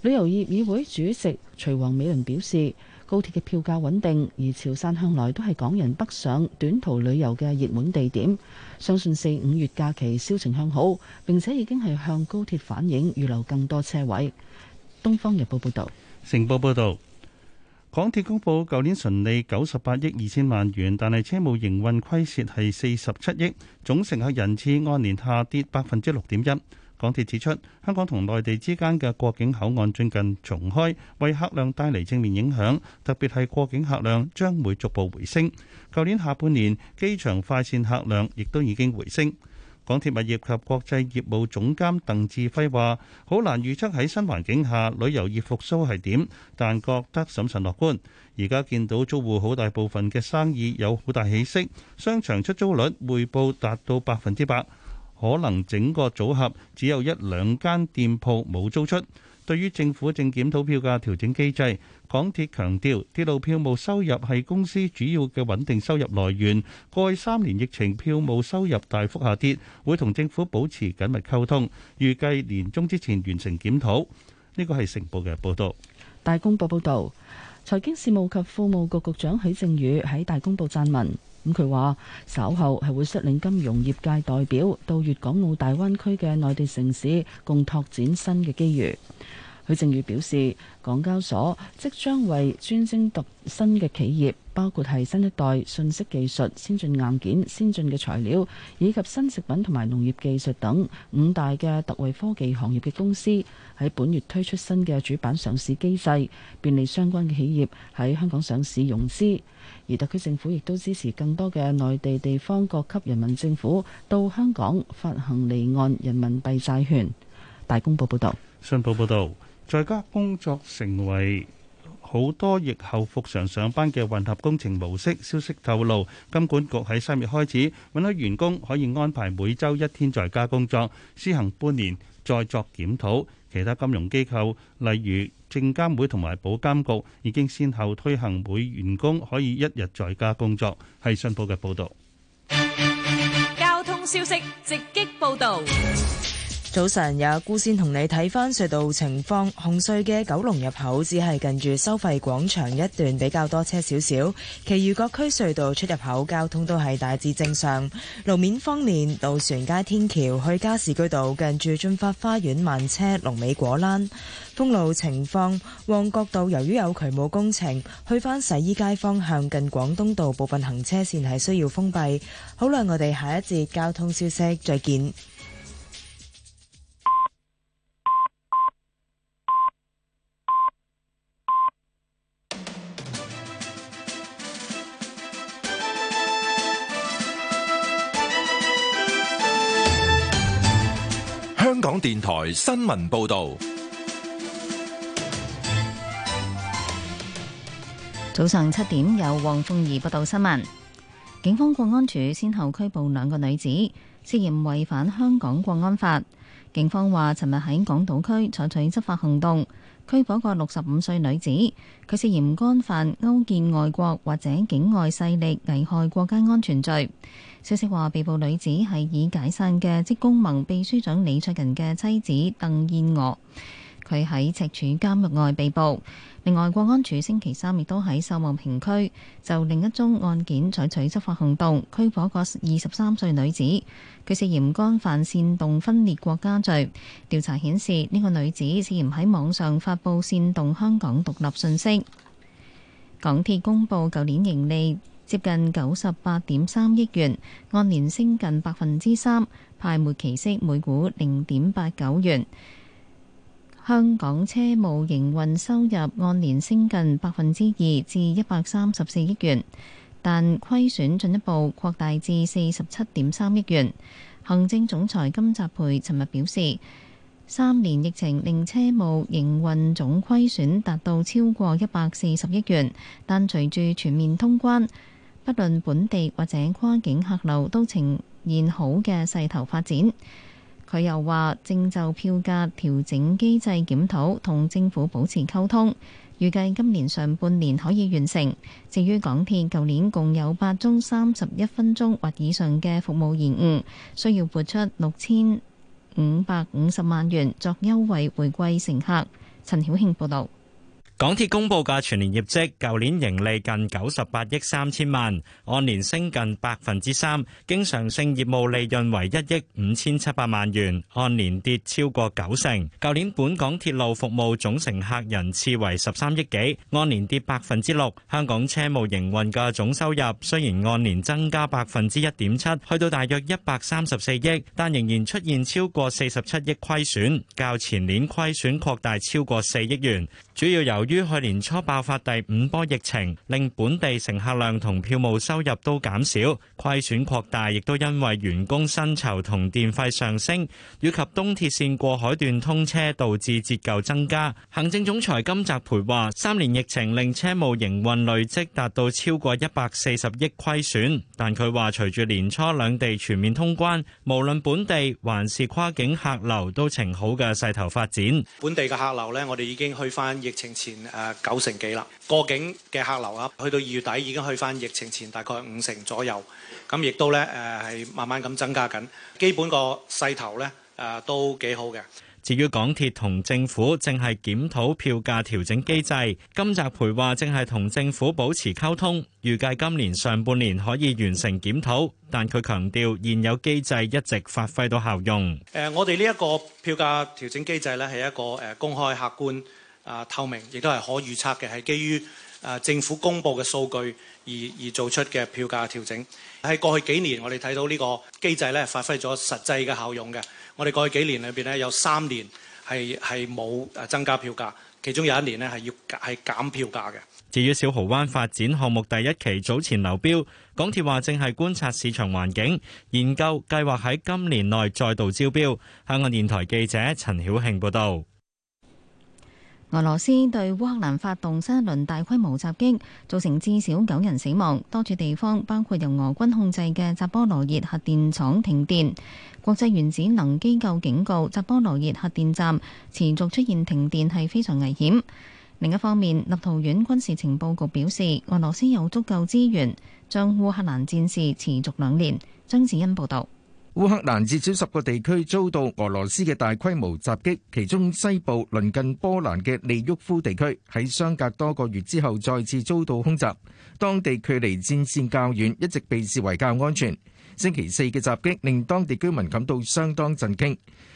Speaker 3: 旅遊業議會主席徐王美倫表示，高鐵嘅票價穩定，而潮汕向來都係港人北上短途旅遊嘅熱門地點，相信四五月假期銷情向好，並且已經係向高鐵反映預留更多車位。《東方日報》報道。
Speaker 4: 《城報》報導。港鐵公布，舊年純利九十八億二千萬元，但係車務營運虧蝕係四十七億，總乘客人次按年下跌百分之六點一。港鐵指出，香港同內地之間嘅過境口岸最近重開，為客量帶嚟正面影響，特別係過境客量將會逐步回升。舊年下半年機場快線客量亦都已經回升。港鐵物業及國際業務總監鄧志輝話：好難預測喺新環境下旅遊業復甦係點，但覺得審慎樂觀。而家見到租戶好大部分嘅生意有好大起色，商場出租率匯報達到百分之百，可能整個組合只有一兩間店鋪冇租出。對於政府正檢討票價調整機制。港鐵強調，鐵路票務收入係公司主要嘅穩定收入來源。過去三年疫情，票務收入大幅下跌，會同政府保持緊密溝通，預計年中之前完成檢討。呢個係成報嘅報導。
Speaker 3: 大公報報導，財經事務及庫務局局長許正宇喺大公報撰文，咁佢話稍後係會率領金融業界代表到粵港澳大灣區嘅內地城市，共拓展新嘅機遇。許正宇表示，港交所即將為專精特新嘅企業，包括係新一代信息技術、先進硬件、先進嘅材料以及新食品同埋農業技術等五大嘅特專科技行業嘅公司，喺本月推出新嘅主板上市機制，便利相關嘅企業喺香港上市融資。而特區政府亦都支持更多嘅內地地方各級人民政府到香港發行離岸人民幣債券。大公報報道。
Speaker 4: 信報報導。在家工作成為好多疫後復常上班嘅混合工程模式。消息透露，金管局喺三月開始允許員工可以安排每周一天在家工作，施行半年再作檢討。其他金融機構，例如證監會同埋保監局，已經先後推行每員工可以一日在家工作。係信報嘅報道。
Speaker 5: 交通消息直擊報道。
Speaker 11: 早晨，有姑先同你睇翻隧道情況。紅隧嘅九龍入口只係近住收費廣場一段比較多車少少，其餘各區隧道出入口交通都係大致正常。路面方面，渡船街天橋去加士居道近住駿發花園慢車龍尾果欄。封路情況，旺角道由於有渠務工程，去翻洗衣街方向近廣東道部分行車線係需要封閉。好啦，我哋下一節交通消息再見。
Speaker 1: 香港電台新聞報道，
Speaker 10: 早上七點有黃鳳儀報道新聞。警方國安處先後拘捕兩個女子，涉嫌違反香港國安法。警方話，尋日喺港島區採取執法行動，拘捕一個六十五歲女子，佢涉嫌干犯勾結外國或者境外勢力危害國家安全罪。消息話，被捕女子係已解散嘅職工盟秘書長李卓人嘅妻子鄧燕娥，佢喺赤柱監獄外被捕。另外，國安處星期三亦都喺秀茂坪區就另一宗案件採取執法行動，拘捕一個二十三歲女子。佢涉嫌干犯煽動分裂國家罪。調查顯示，呢個女子涉嫌喺網上發布煽動香港獨立信息。港鐵公布舊年盈利。接近九十八點三億元，按年升近百分之三，派末期息每股零點八九元。香港車務營運收入按年升近百分之二，至一百三十四億元，但虧損進一步擴大至四十七點三億元。行政總裁金澤培尋日表示，三年疫情令車務營運總虧損達到超過一百四十億元，但隨住全面通關。不論本地或者跨境客流都呈現好嘅勢頭發展。佢又話正就票價調整機製檢討同政府保持溝通，預計今年上半年可以完成。至於港鐵，舊年共有八宗三十一分鐘或以上嘅服務延誤，需要撥出六千五百五十萬元作優惠回饋乘客。陳曉慶報道。
Speaker 12: 港鐵公布嘅全年業績，舊年盈利近九十八億三千萬，按年升近百分之三，經常性業務利潤為一億五千七百萬元，按年跌超過九成。舊年本港鐵路服務總乘客人次為十三億幾，按年跌百分之六。香港車務營運嘅總收入雖然按年增加百分之一點七，去到大約一百三十四億，但仍然出現超過四十七億虧損，較前年虧損擴大超過四億元，主要由於於去年初爆發第五波疫情，令本地乘客量同票務收入都減少，虧損擴大，亦都因為員工薪酬同電費上升，以及東鐵線過海段通車導致折舊增加。行政總裁金澤培話：三年疫情令車務營運累積達到超過一百四十億虧損，但佢話隨住年初兩地全面通關，無論本地還是跨境客流都呈好嘅勢頭發展。本地嘅客流呢，我哋已經去返疫情前。誒九成幾啦，過境嘅客流啊，去到二月底已經去返疫情前大概五成左右，咁亦都咧誒係慢慢咁增加緊，基本個勢頭咧誒都幾好嘅。至於港鐵同政府正係檢討票價調整機制，金澤培話正係同政府保持溝通，預計今年上半年可以完成檢討，但佢強調現有機制一直發揮到效用。誒，我哋呢一個票價調整機制咧係一個誒公開客觀。啊，透明亦都係可預測嘅，係基於啊政府公布嘅數據而而做出嘅票價調整。喺過去幾年，我哋睇到個機呢個機制咧，發揮咗實際嘅效用嘅。我哋過去幾年裏邊咧，有三年係係冇增加票價，其中有一年咧係要係減票價嘅。至於小濠灣發展項目第一期早前流標，港鐵話正係觀察市場環境，研究計劃喺今年內再度招標。香港電台記者陳曉慶報道。
Speaker 10: 俄羅斯對烏克蘭發動新一輪大規模襲擊，造成至少九人死亡，多處地方包括由俄軍控制嘅扎波羅熱核電廠停電。國際原子能機構警告，扎波羅熱核電站持續出現停電係非常危險。另一方面，立陶宛軍事情報局表示，俄羅斯有足夠資源將烏克蘭戰事持續兩年。張子欣報道。
Speaker 2: 烏克蘭至少十個地區遭到俄羅斯嘅大規模襲擊，其中西部鄰近波蘭嘅利沃夫地區喺相隔多個月之後再次遭到空襲。當地距離戰線較遠，一直被視為較安全。星期四嘅襲擊令當地居民感到相當震驚。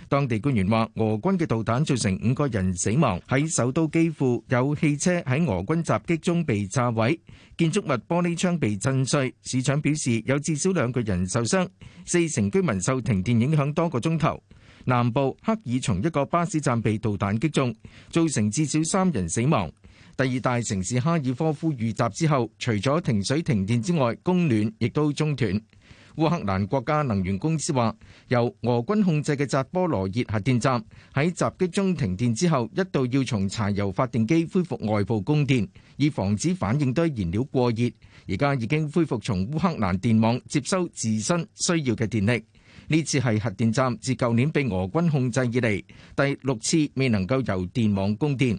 Speaker 2: 當地官員話，俄軍嘅導彈造成五個人死亡。喺首都基輔有汽車喺俄軍襲擊中被炸毀，建築物玻璃窗被震碎。市長表示有至少兩個人受傷，四成居民受停電影響多個鐘頭。南部赫爾松一個巴士站被導彈擊中，造成至少三人死亡。第二大城市哈爾科夫遇襲之後，除咗停水停電之外，供暖亦都中斷。烏克蘭國家能源公司話，由俄軍控制嘅扎波羅熱核電站喺襲擊中停電之後，一度要從柴油發電機恢復外部供電，以防止反應堆燃料過熱。而家已經恢復從烏克蘭電網接收自身需要嘅電力。呢次係核電站自舊年被俄軍控制以嚟，第六次未能夠由電網供電。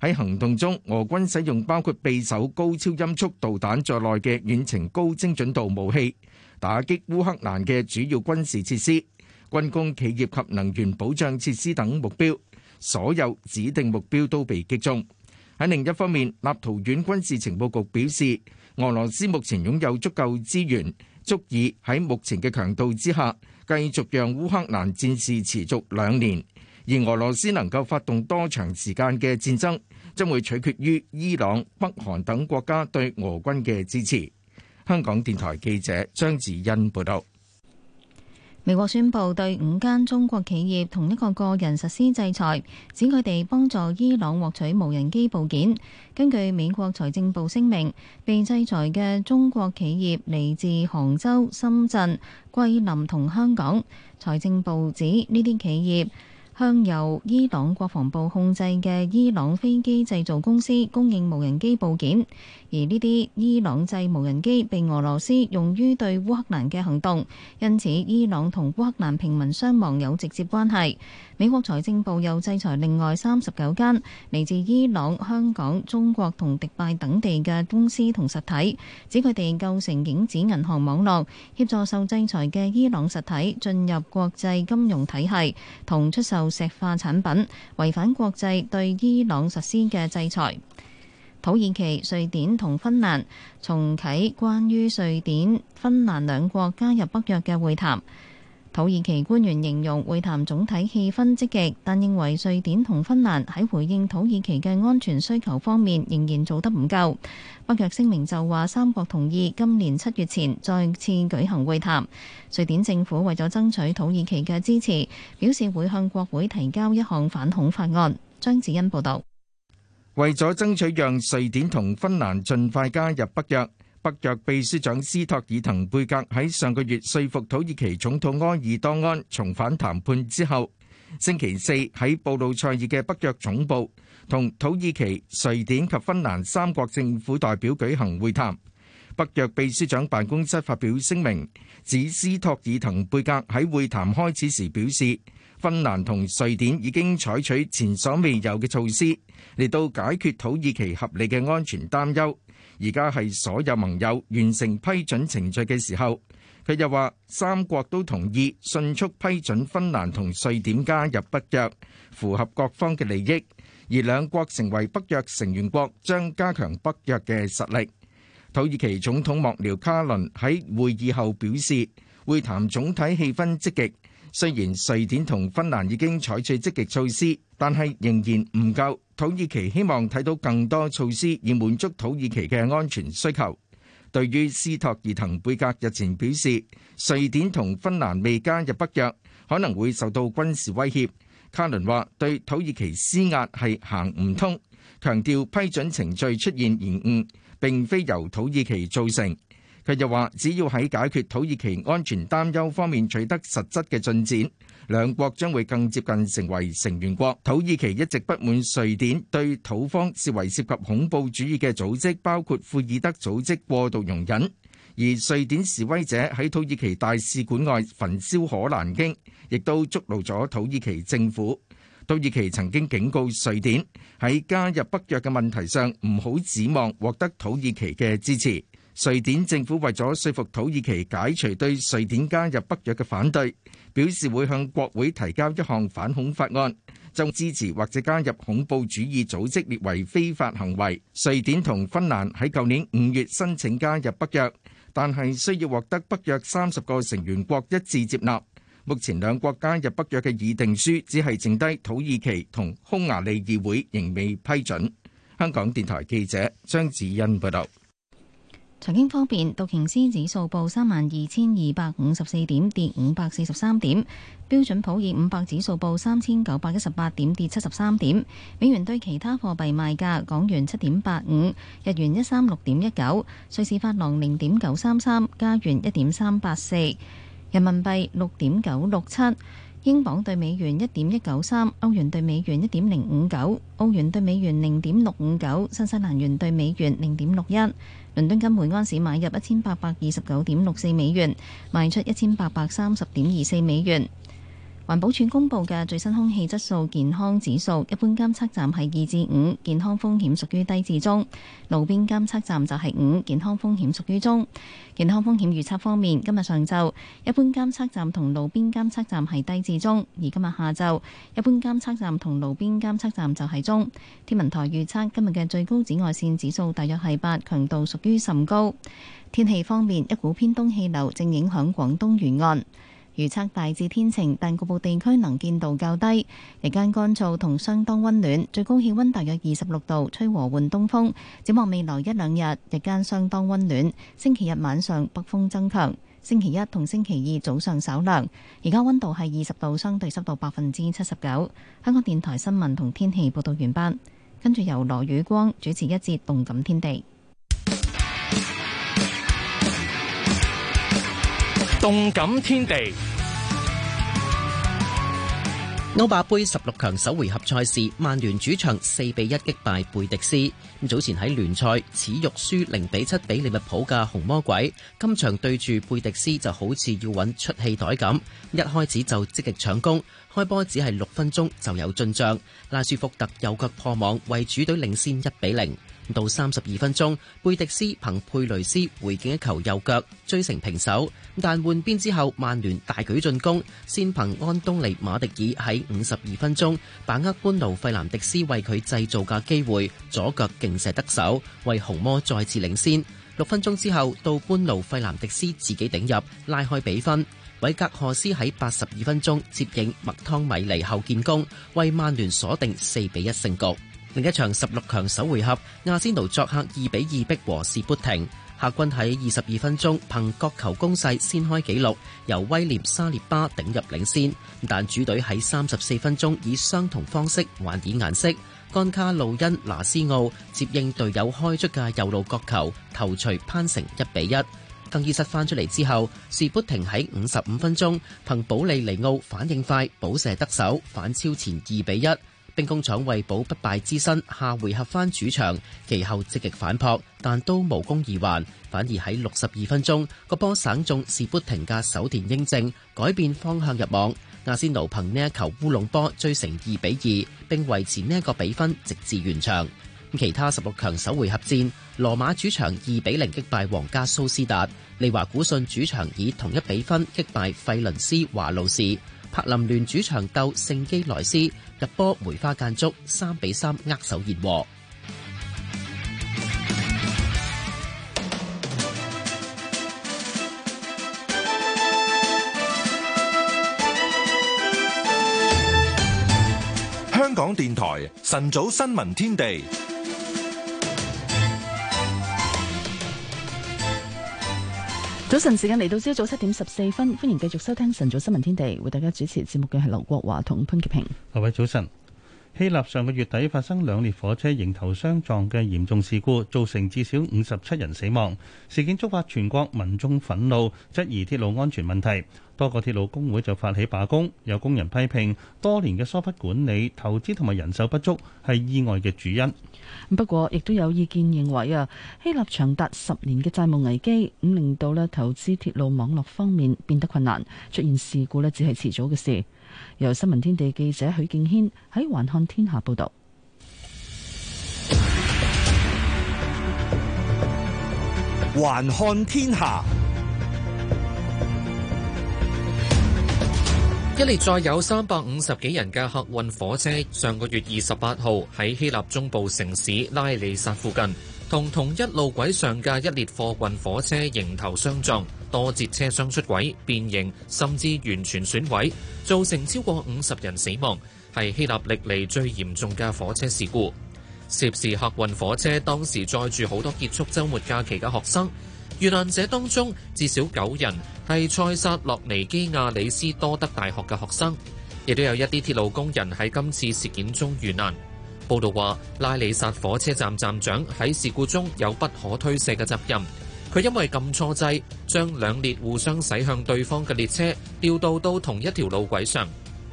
Speaker 2: 喺行動中，俄軍使用包括匕首高超音速導彈在內嘅遠程高精準度武器，打擊烏克蘭嘅主要軍事設施、軍工企業及能源保障設施等目標。所有指定目標都被擊中。喺另一方面，立陶宛軍事情報局表示，俄羅斯目前擁有足夠資源，足以喺目前嘅強度之下，繼續讓烏克蘭戰事持續兩年，而俄羅斯能夠發動多長時間嘅戰爭將會取決於伊朗、北韓等國家對俄軍嘅支持。香港電台記者張子欣報道，
Speaker 10: 美國宣布對五間中國企業同一個個人實施制裁，指佢哋幫助伊朗獲取無人機部件。根據美國財政部聲明，被制裁嘅中國企業嚟自杭州、深圳、桂林同香港。財政部指呢啲企業，向由伊朗國防部控制嘅伊朗飛機製造公司供應無人機部件，而呢啲伊朗製無人機被俄羅斯用於對烏克蘭嘅行動，因此伊朗同烏克蘭平民傷亡有直接關係。美國財政部又制裁另外三十九間嚟自伊朗、香港、中國同迪拜等地嘅公司同實體，指佢哋構成影子銀行網絡，協助受制裁嘅伊朗實體進入國際金融體系同出售石化產品違反國際對伊朗實施嘅制裁。土耳其、瑞典同芬蘭重啟關於瑞典、芬蘭兩國加入北約嘅會談。土耳其官員形容會談總體氣氛積極，但認為瑞典同芬蘭喺回應土耳其嘅安全需求方面仍然做得唔夠。北約聲明就話，三國同意今年七月前再次舉行會談。瑞典政府為咗爭取土耳其嘅支持，表示會向國會提交一項反恐法案。張子欣報導。
Speaker 2: 為咗爭取讓瑞典同芬蘭盡快加入北約。北約秘書長斯托爾滕貝格喺上個月說服土耳其總統埃爾多安重返談判之後，星期四喺布魯塞爾嘅北約總部同土耳其、瑞典及芬蘭三國政府代表舉行會談。北約秘書長辦公室發表聲明，指斯托爾滕貝格喺會談開始時表示，芬蘭同瑞典已經採取前所未有嘅措施，嚟到解決土耳其合理嘅安全擔憂。而家係所有盟友完成批准程序嘅時候，佢又話三國都同意迅速批准芬蘭同瑞典加入北約，符合各方嘅利益。而兩國成為北約成員國將加強北約嘅實力。土耳其總統幕僚卡倫喺會議後表示，會談總體氣氛積極，雖然瑞典同芬蘭已經採取積極措施，但係仍然唔夠。土耳其希望睇到更多措施，以滿足土耳其嘅安全需求。對於斯托爾滕貝格日前表示，瑞典同芬蘭未加入北約，可能會受到軍事威脅。卡倫話對土耳其施壓係行唔通，強調批准程序出現延誤並非由土耳其造成。佢又話，只要喺解決土耳其安全擔憂方面取得實質嘅進展。兩國將會更接近成為成員國。土耳其一直不滿瑞典對土方視為涉及恐怖主義嘅組織，包括庫爾德組織過度容忍，而瑞典示威者喺土耳其大使館外焚燒可蘭經，亦都觸怒咗土耳其政府。土耳其曾經警告瑞典，喺加入北約嘅問題上唔好指望獲得土耳其嘅支持。瑞典政府為咗説服土耳其解除對瑞典加入北約嘅反對。表示會向國會提交一項反恐法案，就支持或者加入恐怖主義組織列為非法行為。瑞典同芬蘭喺舊年五月申請加入北約，但係需要獲得北約三十個成員國一致接納。目前兩國加入北約嘅議定書只係剩低土耳其同匈牙利議會仍未批准。香港電台記者張子欣報道。.
Speaker 10: 財經方面，道瓊斯指數報三萬二千二百五十四點，跌五百四十三點；標準普爾五百指數報三千九百一十八點，跌七十三點。美元對其他貨幣賣價：港元七點八五，日元一三六點一九，瑞士法郎零點九三三，加元一點三八四，人民幣六點九六七，英鎊對美元一點一九三，歐元對美元一點零五九，澳元對美元零點六五九，新西蘭元對美元零點六一。倫敦金每安士買入一千八百二十九點六四美元，賣出一千八百三十點二四美元。環保署公布嘅最新空氣質素健康指數，一般監測站係二至五，健康風險屬於低至中；路邊監測站就係五，健康風險屬於中。健康風險預測方面，今日上晝一般監測站同路邊監測站係低至中，而今日下晝一般監測站同路邊監測站就係中。天文台預測今日嘅最高紫外線指數大約係八，強度屬於甚高。天氣方面，一股偏東氣流正影響廣東沿岸。預測大致天晴，但局部地區能見度較低。日間乾燥同相當溫暖，最高氣溫大約二十六度，吹和緩東風。展望未來一兩日，日間相當溫暖。星期日晚上北風增強，星期一同星期二早上稍涼。而家溫度係二十度，相對濕度百分之七十九。香港電台新聞同天氣報道完畢，跟住由羅宇光主持一節《動感天地》。
Speaker 13: 動感天地。歐霸盃十六強首回合賽事，曼聯主場四比一擊敗貝迪斯。咁早前喺聯賽恥辱輸零比七比利物浦嘅紅魔鬼，今場對住貝迪斯就好似要揾出氣袋咁，一開始就積極搶攻，開波只係六分鐘就有進賬，拉舒福特右腳破網為主隊領先一比零。到三十二分鐘，貝迪斯憑佩雷斯回敬一球右腳追成平手。但換邊之後，曼聯大舉進攻，先憑安東尼馬迪爾喺五十二分鐘把握般奴費南迪斯為佢製造嘅機會，左腳勁射得手，為紅魔再次領先。六分鐘之後，到般奴費南迪斯自己頂入，拉開比分。韋格赫斯喺八十二分鐘接應麥湯米尼後建功，為曼聯鎖定四比一勝局。另一場十六強首回合，亞仙奴作客二比二逼和士砵亭。客軍喺二十二分鐘憑角球攻勢先開紀錄，由威廉沙列巴頂入領先。但主隊喺三十四分鐘以相同方式還以顏色，甘卡路恩拿斯奧接應隊友開出嘅右路角球，頭槌攀成一比一。更衣室翻出嚟之後，士砵亭喺五十五分鐘憑保利尼奧反應快補射得手，反超前二比一。兵工廠為保不敗之身，下回合返主場，其後積極反撲，但都無功而還，反而喺六十二分鐘，個波省眾是不停嘅守田英正改變方向入網。阿仙奴憑呢一球烏龍波追成二比二，並維持呢一個比分直至完場。咁其他十六強首回合戰，羅馬主場二比零擊敗皇家蘇斯達，利華古信主場以同一比分擊敗費倫斯華路士，柏林聯主場鬥聖基萊斯，入波梅花間竹三比三握手熱和。
Speaker 1: 香港電台晨早新聞天地。
Speaker 3: 早晨時間嚟到朝早七點十四分，歡迎繼續收聽晨早新聞天地，為大家主持節目嘅係劉國華同潘潔平。
Speaker 4: 各位早晨。希臘上個月底發生兩列火車迎頭相撞嘅嚴重事故，造成至少五十七人死亡。事件觸發全國民眾憤怒，質疑鐵路安全問題。多個鐵路工會就發起罷工，有工人批評多年嘅疏忽管理、投資同埋人手不足係意外嘅主因。
Speaker 3: 不過，亦都有意見認為啊，希臘長達十年嘅債務危機，咁令到呢投資鐵路網絡方面變得困難，出現事故呢只係遲早嘅事。由新聞天地記者許敬軒喺環看天下報道。
Speaker 7: 環看天下，
Speaker 14: 一列載有三百五十幾人嘅客運火車，上個月二十八號喺希臘中部城市拉里薩附近，同同一路軌上嘅一列貨運火車迎頭相撞，多節車廂出軌、變形，甚至完全損毀，造成超過五十人死亡，係希臘歷嚟最嚴重嘅火車事故。涉事客運火車當時載住好多結束週末假期嘅學生，遇難者當中至少九人係塞薩洛尼基亞里斯多德大學嘅學生，亦都有一啲鐵路工人喺今次事件中遇難。報道話，拉里薩火車站站長喺事故中有不可推卸嘅責任。佢因為撳錯掣，將兩列互相駛向對方嘅列車調度到同一條路軌上。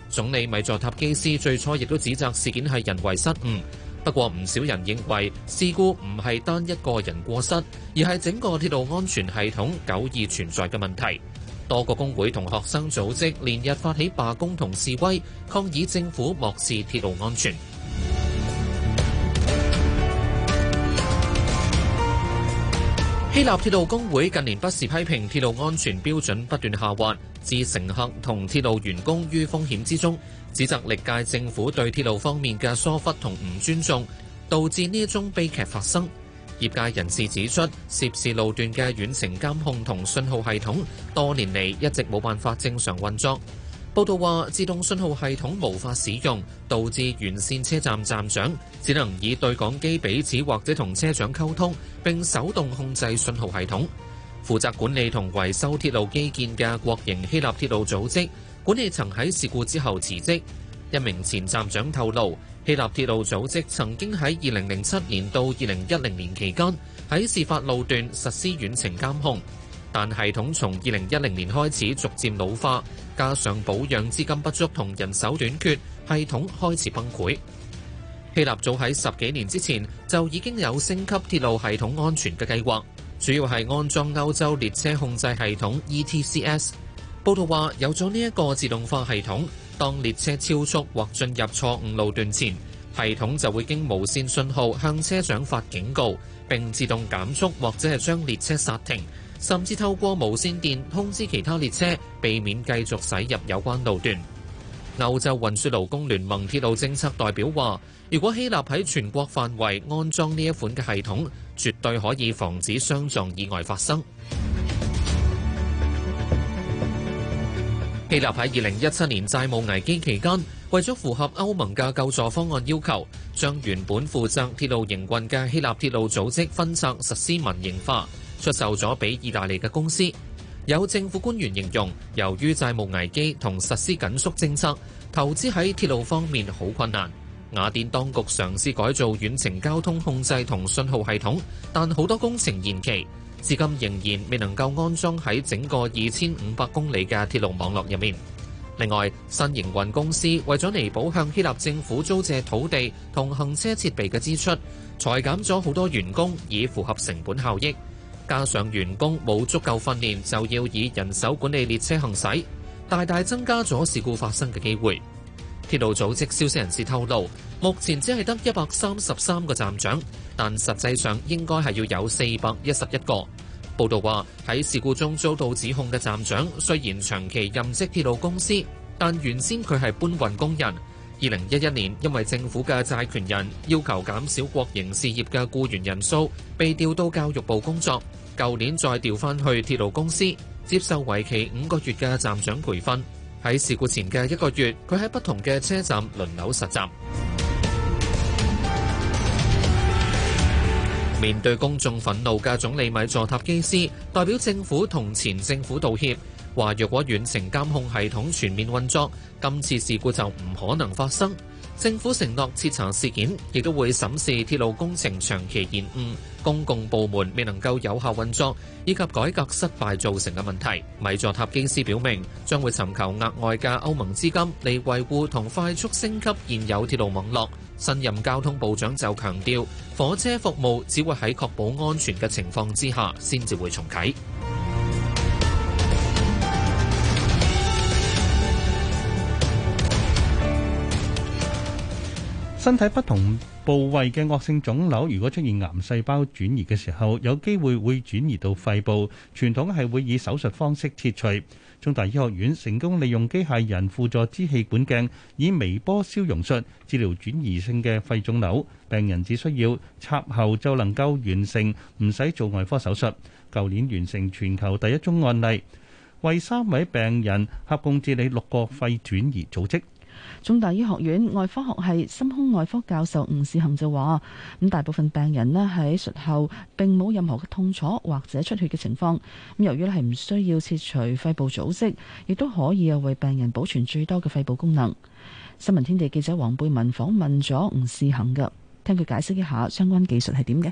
Speaker 14: 總理米佐塔基斯最初亦都指責事件係人為失誤，不過唔少人認為事故唔係單一個人過失，而係整個鐵路安全系統久已存在嘅問題。多個工會同學生組織連日發起罷工同示威，抗議政府漠視鐵路安全。希臘鐵路工會近年不時批評鐵路安全標準不斷下滑，置乘客同鐵路員工於風險之中，指責歷屆政府對鐵路方面嘅疏忽同唔尊重，導致呢宗悲劇發生。業界人士指出，涉事路段嘅遠程監控同信號系統多年嚟，一直冇辦法正常運作。報道話，自動信號系統無法使用，導致沿線車站站長只能以對講機彼此或者同車長溝通，並手動控制信號系統。負責管理同維修鐵路基建嘅國營希臘鐵路組織，管理層喺事故之後辭職。一名前站長透露，希臘鐵路組織曾經喺二零零七年到二零一零年期間喺事發路段實施遠程監控。但系統從二零一零年開始逐漸老化，加上保養資金不足同人手短缺，系統開始崩潰。希臘早喺十幾年之前就已經有升級鐵路系統安全嘅計劃，主要係安裝歐洲列車控制系統 ETCS。報道話有咗呢一個自動化系統，當列車超速或進入錯誤路段前，系統就會經無線信號向車長發警告，並自動減速或者係將列車剎停。甚至透過無線電通知其他列車，避免繼續駛入有關路段。歐洲運輸勞工聯盟鐵路政策代表話，如果希臘喺全國範圍安裝呢一款嘅系統，絕對可以防止相撞意外發生。 希臘喺二零一七年債務危機期間，為咗符合歐盟嘅救助方案要求，將原本負責鐵路營運嘅希臘鐵路組織分拆實施民營化。出售咗俾意大利嘅公司。有政府官員形容，由於債務危機同實施緊縮政策，投資喺鐵路方面好困難。雅典當局嘗試改造遠程交通控制同信號系統，但好多工程延期，至今仍然未能夠安裝喺整個二千五百公里嘅鐵路網絡入面。另外，新營運公司為咗彌補向希臘政府租借土地同行車設備嘅支出，裁減咗好多員工，以符合成本效益。加上員工冇足夠訓練，就要以人手管理列車行駛，大大增加咗事故發生嘅機會。鐵路組織消息人士透露，目前只係得一百三十三個站長，但實際上應該係要有四百一十一個。報道話喺事故中遭到指控嘅站長，雖然長期任職鐵路公司，但原先佢係搬運工人。二零一一年，因為政府嘅債權人要求減少國營事業嘅僱員人數，被調到教育部工作。舊年再調翻去鐵路公司，接受為期五個月嘅站長培訓。喺事故前嘅一個月，佢喺不同嘅車站輪流實習。面對公眾憤怒嘅總理米佐塔基斯，代表政府同前政府道歉。話若果遠程監控系統全面運作，今次事故就唔可能發生。政府承諾徹查事件，亦都會審視鐵路工程長期延誤、公共部門未能夠有效運作以及改革失敗造成嘅問題。米佐塔基斯表明，將會尋求額外嘅歐盟資金嚟維護同快速升級現有鐵路網絡。新任交通部長就強調，火車服務只會喺確保安全嘅情況之下先至會重啟。
Speaker 4: 身體不同部位嘅惡性腫瘤，如果出現癌細胞轉移嘅時候，有機會會轉移到肺部。傳統係會以手術方式切除。中大醫學院成功利用機械人輔助支氣管鏡，以微波消融術治療轉移性嘅肺腫瘤，病人只需要插喉就能夠完成，唔使做外科手術。舊年完成全球第一宗案例，為三位病人合共治理六個肺轉移組織。
Speaker 3: 中大醫學院外科學系心胸外科教授吳士恒就話，咁大部分病人呢喺術後並冇任何嘅痛楚或者出血嘅情況。咁由於係唔需要切除肺部組織，亦都可以啊，為病人保存最多嘅肺部功能。新聞天地記者黃貝文訪問咗吳士恒嘅，聽佢解釋一下相關技術係點嘅。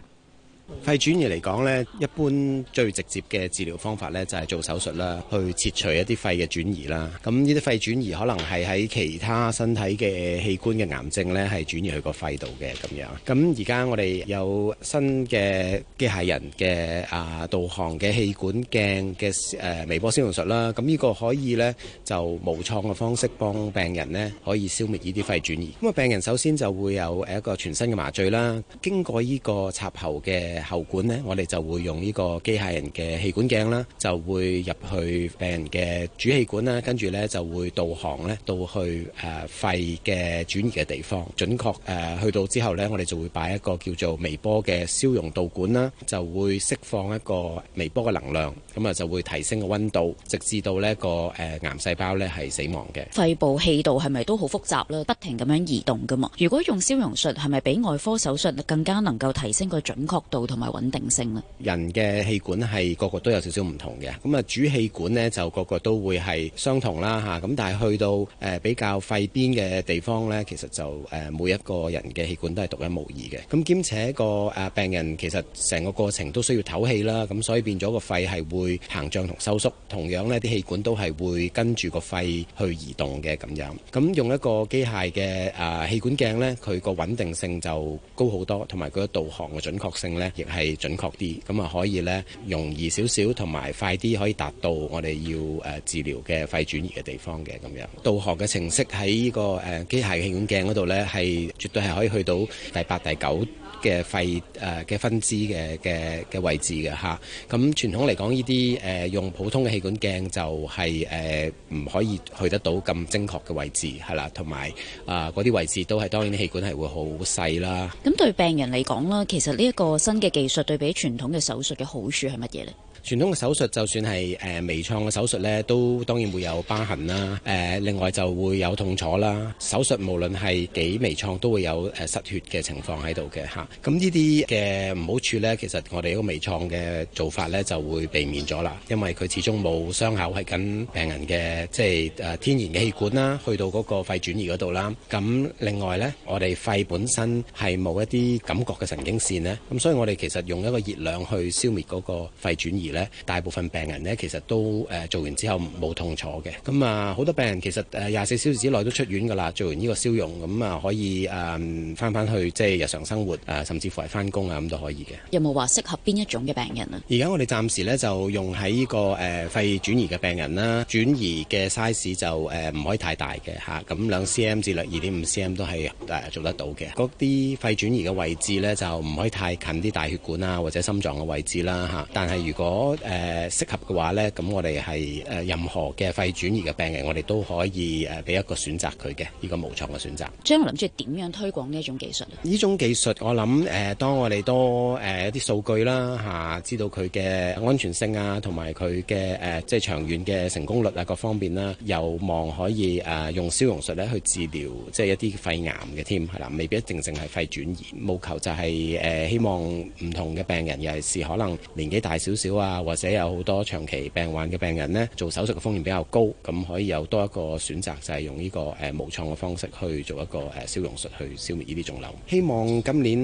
Speaker 15: 肺轉移嚟講呢，一般最直接嘅治療方法呢，就係做手術啦，去切除一啲肺嘅轉移啦。咁呢啲肺轉移可能係喺其他身體嘅器官嘅癌症呢，係轉移去個肺度嘅咁樣。咁而家我哋有新嘅機械人嘅啊導航嘅氣管鏡嘅誒微波消融術啦。咁呢個可以呢，就無創嘅方式幫病人呢，可以消滅呢啲肺轉移。咁啊病人首先就會有一個全身嘅麻醉啦，經過呢個插喉嘅。誒，喉管呢，我哋就會用呢個機械人嘅氣管鏡啦，就會入去病人嘅主氣管啦，跟住呢，就會導航呢到去誒肺嘅轉移嘅地方，準確誒、呃、去到之後呢，我哋就會擺一個叫做微波嘅消融導管啦，就會釋放一個微波嘅能量，咁啊就會提升個溫度，直至到呢個誒癌細胞呢係死亡嘅。
Speaker 10: 肺部氣道係咪都好複雜咧？不停咁樣移動噶嘛？如果用消融術，係咪比外
Speaker 15: 科手術更加能夠提升個準確度？同埋穩定性啦。人嘅氣管係個個都有少少唔同嘅，咁啊主氣管咧就個個都會係相同啦嚇，咁但係去到誒比較肺邊嘅地方咧，其實就誒每一個人嘅氣管都係獨一無二嘅。咁兼且個誒病人其實成個過程都需要唞氣啦，咁所以變咗個肺係會膨脹同收縮，同樣咧啲氣管都係會跟住個肺去移動嘅咁樣。咁用一個機械嘅誒氣管鏡咧，佢個穩定性就高好多，同埋佢個導航嘅準確性咧。亦係準確啲，咁啊可以呢，容易少少，同埋快啲可以達到我哋要誒、呃、治療嘅肺轉移嘅地方嘅咁樣。導航嘅程式喺呢、呢個誒、呃、機械氣管鏡嗰度呢，係絕對係可以去到第八、第九。嘅肺誒嘅、呃、分支嘅嘅嘅位置嘅吓，咁、啊、傳統嚟講，呢啲誒用普通嘅氣管鏡就係誒唔可以去得到咁精確嘅位置係啦，同埋啊嗰啲位置都係當然氣管係會好細啦。
Speaker 10: 咁對病人嚟講啦，其實呢一個新嘅技術對比傳統嘅手術嘅好處係乜嘢咧？
Speaker 15: 傳統嘅手術就算係誒、呃、微創嘅手術呢，都當然會有疤痕啦。誒、呃，另外就會有痛楚啦。手術無論係幾微創，都會有誒、呃、失血嘅情況喺度嘅吓。咁呢啲嘅唔好處呢，其實我哋一個微創嘅做法呢，就會避免咗啦，因為佢始終冇傷口喺緊病人嘅，即係誒、呃、天然嘅氣管啦，去到嗰個肺轉移嗰度啦。咁另外呢，我哋肺本身係冇一啲感覺嘅神經線呢，咁所以我哋其實用一個熱量去消滅嗰個肺轉移。大部分病人咧，其實都誒做完之後冇痛楚嘅。咁啊，好多病人其實誒廿四小時之內都出院㗎啦。做完呢個消融，咁啊可以誒翻翻去即係日常生活，誒甚至乎係翻工啊，咁都可以嘅。
Speaker 10: 有冇話適合邊一種嘅病人啊？
Speaker 15: 而家我哋暫時咧就用喺呢個誒肺轉移嘅病人啦，轉移嘅 size 就誒唔可以太大嘅嚇。咁兩 cm 至兩二點五 cm 都係誒做得到嘅。嗰啲肺轉移嘅位置咧就唔可以太近啲大血管啊，或者心臟嘅位置啦嚇。但係如果我誒、呃、適合嘅話咧，咁、嗯、我哋係誒任何嘅肺轉移嘅病人，我哋都可以誒俾、呃、一個選擇佢嘅呢個無創嘅選擇。
Speaker 5: 將來，諗住點樣推廣呢一種技術？
Speaker 15: 呢種技術，我諗誒、呃，當我哋多誒一啲數據啦嚇、啊，知道佢嘅安全性啊，同埋佢嘅誒即係長遠嘅成功率啊各方面啦，有、呃、望可以誒、呃、用消融術咧去治療即係一啲肺癌嘅添，係啦，未必一定淨係肺轉移，務求就係、是、誒、呃呃、希望唔同嘅病人尤其是可能年紀大少少啊。啊，或者有好多長期病患嘅病人咧，做手術嘅風險比較高，咁可以有多一個選擇，就係用呢個誒無創嘅方式去做一個誒消融術去消滅呢啲腫瘤。希望今年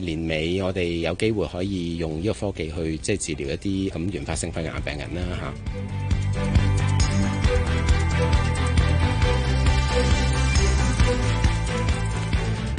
Speaker 15: 誒年尾我哋有機會可以用呢個科技去即係治療一啲咁原發性肺癌病人啦嚇。啊。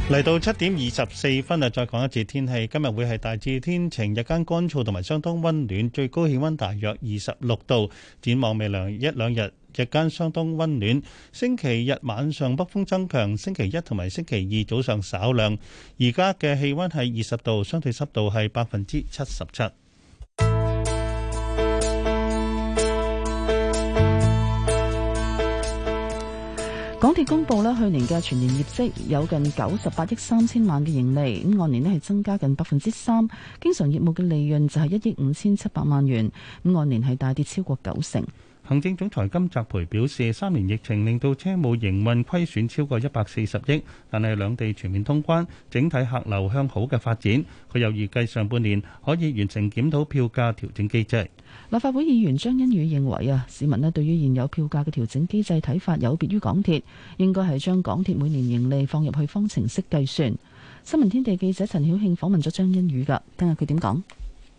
Speaker 4: 嚟到七點二十四分啊，再講一次天氣。今日會係大致天晴，日間乾燥同埋相當温暖，最高氣溫大約二十六度。展望未來一兩日，日間相當温暖。星期日晚上北風增強，星期一同埋星期二早上稍涼。而家嘅氣温係二十度，相對濕度係百分之七十七。
Speaker 3: 港鐵公布呢去年嘅全年業績有近九十八億三千萬嘅盈利，咁按年呢係增加近百分之三。經常業務嘅利潤就係一億五千七百萬元，咁按年係大跌超過九成。
Speaker 4: 行政總裁金澤培表示，三年疫情令到車務營運虧損超過一百四十億，但係兩地全面通關，整體客流向好嘅發展，佢又預計上半年可以完成檢討票價調整機制。
Speaker 3: 立法會議員張欣宇認為啊，市民咧對於現有票價嘅調整機制睇法有別於港鐵，應該係將港鐵每年盈利放入去方程式計算。新聞天地記者陳曉慶訪問咗張欣宇噶，聽下佢點講？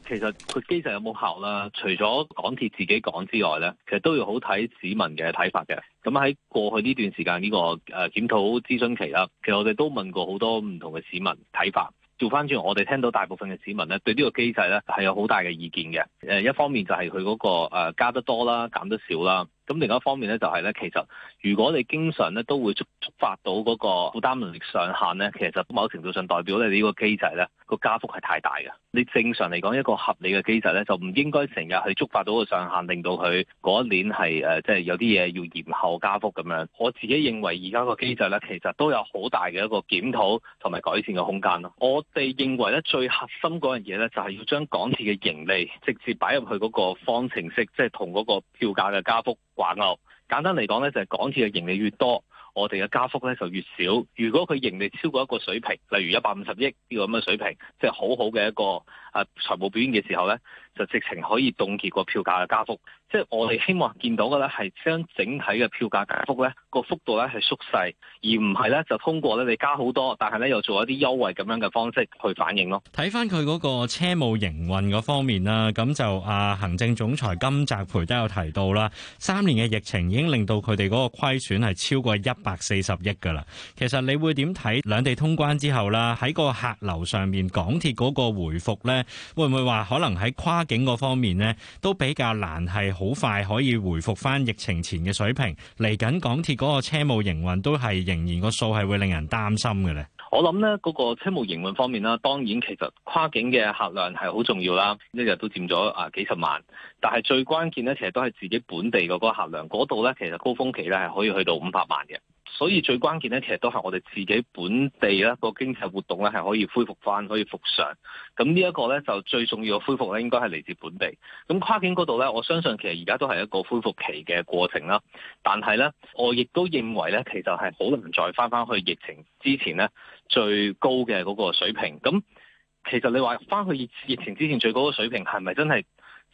Speaker 7: 其實佢機制有冇效啦？除咗港鐵自己講之外呢，其實都要好睇市民嘅睇法嘅。咁喺過去呢段時間呢個誒檢討諮詢期啦，其實我哋都問過好多唔同嘅市民睇法。調返轉，我哋聽到大部分嘅市民咧，對呢個機制咧係有好大嘅意見嘅。誒，一方面就係佢嗰個加得多啦，減得少啦。咁另一方面咧，就係咧，其實如果你經常咧都會觸觸發到嗰個負擔能力上限咧，其實某程度上代表咧你呢個機制咧個加幅係太大嘅。你正常嚟講一個合理嘅機制咧，就唔應該成日去觸發到個上限，令到佢嗰一年係誒即係有啲嘢要延後加幅咁樣。我自己認為而家個機制咧，其實都有好大嘅一個檢討同埋改善嘅空間咯。我哋認為咧最核心嗰樣嘢咧，就係要將港鐵嘅盈利直接擺入去嗰個方程式，即係同嗰個票價嘅加幅掛鈎，簡單嚟講呢就係港鐵嘅盈利越多，我哋嘅加幅咧就越少。如果佢盈利超過一個水平，例如一百五十億呢個咁嘅水平，即、就、係、是、好好嘅一個啊財務表現嘅時候呢就直情可以凍結個票價嘅加幅。即係我哋希望見到嘅咧，係將整體嘅票價降幅咧，個幅度咧係縮細，而唔係咧就通過咧你加好多，但係咧又做一啲優惠咁樣嘅方式去反映咯。
Speaker 12: 睇翻佢嗰個車務營運嗰方面啦，咁就啊行政總裁金澤培都有提到啦，三年嘅疫情已經令到佢哋嗰個虧損係超過一百四十億㗎啦。其實你會點睇兩地通關之後啦，喺個客流上面港鐵嗰個回復咧，會唔會話可能喺跨境嗰方面咧都比較難係？好快可以回復翻疫情前嘅水平，嚟緊港鐵嗰個車務營運都係仍然個數係會令人擔心嘅咧。
Speaker 7: 我諗呢嗰、嗰個車務營運方面啦，當然其實跨境嘅客量係好重要啦，一日都佔咗啊幾十萬，但係最關鍵呢，其實都係自己本地嘅嗰個客量，嗰度呢。其實高峰期呢係可以去到五百萬嘅。所以最關鍵咧，其實都係我哋自己本地咧個經濟活動咧，係可以恢復翻，可以復常。咁呢一個咧就最重要嘅恢復咧，應該係嚟自本地。咁跨境嗰度咧，我相信其實而家都係一個恢復期嘅過程啦。但係咧，我亦都認為咧，其實係好難再翻翻去疫情之前咧最高嘅嗰個水平。咁其實你話翻去疫情之前最高嘅水平，係咪真係？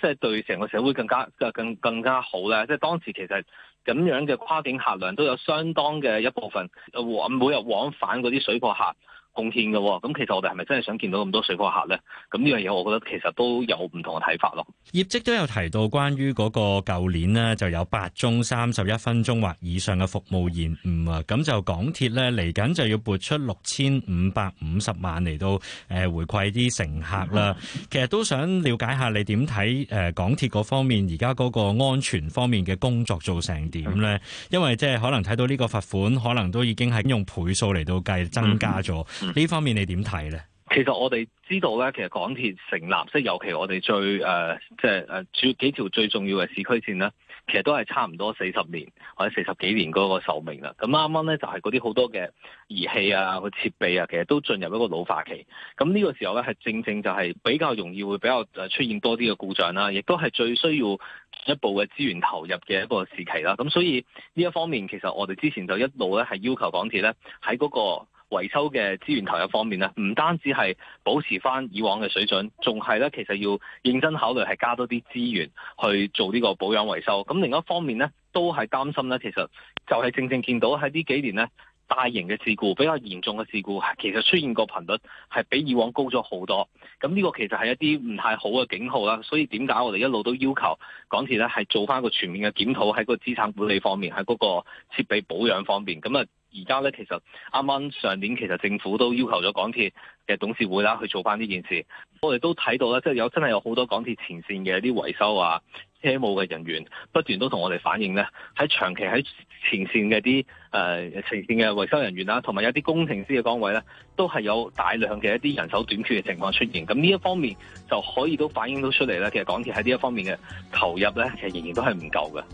Speaker 7: 即係對成個社會更加即更更加好咧？即係當時其實咁樣嘅跨境客量都有相當嘅一部分往每日往返嗰啲水貨客貢獻嘅咁其實我哋係咪真係想見到咁多水貨客呢？咁呢樣嘢，我覺得其實都有唔同嘅睇法
Speaker 12: 咯。業績都有提到關於嗰個舊年呢，就有八宗三十一分鐘或以上嘅服務延誤啊。咁就港鐵呢，嚟緊就要撥出六千五百五十萬嚟到誒回饋啲乘客啦。其實都想了解下你點睇誒港鐵嗰方面而家嗰個安全方面嘅工作做成點呢？因為即係可能睇到呢個罰款，可能都已經係用倍數嚟到計增加咗。呢方面你點睇咧？
Speaker 7: 其實我哋知道咧，其實港鐵成立即尤其我哋最誒、呃，即係誒，主幾條最重要嘅市區線咧，其實都係差唔多四十年或者四十幾年嗰個壽命啦。咁啱啱咧就係嗰啲好多嘅儀器啊、個設備啊，其實都進入一個老化期。咁、嗯、呢、這個時候咧，係正正就係比較容易會比較誒出現多啲嘅故障啦，亦都係最需要進一步嘅資源投入嘅一個時期啦。咁、嗯、所以呢一方面，其實我哋之前就一路咧係要求港鐵咧喺嗰個。維修嘅資源投入方面咧，唔單止係保持翻以往嘅水準，仲係咧其實要認真考慮係加多啲資源去做呢個保養維修。咁另一方面咧，都係擔心咧，其實就係正正見到喺呢幾年咧，大型嘅事故比較嚴重嘅事故，其實出現個頻率係比以往高咗好多。咁呢個其實係一啲唔太好嘅警號啦。所以點解我哋一路都要求港鐵咧係做翻個全面嘅檢討，喺個資產管理方面，喺嗰個設備保養方面，咁啊。而家咧，其實啱啱上年，其實政府都要求咗港鐵嘅董事會啦去做翻呢件事。我哋都睇到啦，即係有真係有好多港鐵前線嘅一啲維修啊、車務嘅人員不斷都同我哋反映咧，喺長期喺前線嘅一啲誒前線嘅維修人員啦，同埋有啲工程師嘅崗位咧，都係有大量嘅一啲人手短缺嘅情況出現。咁呢一方面就可以都反映到出嚟咧，其實港鐵喺呢一方面嘅投入咧，其實仍然都係唔夠嘅。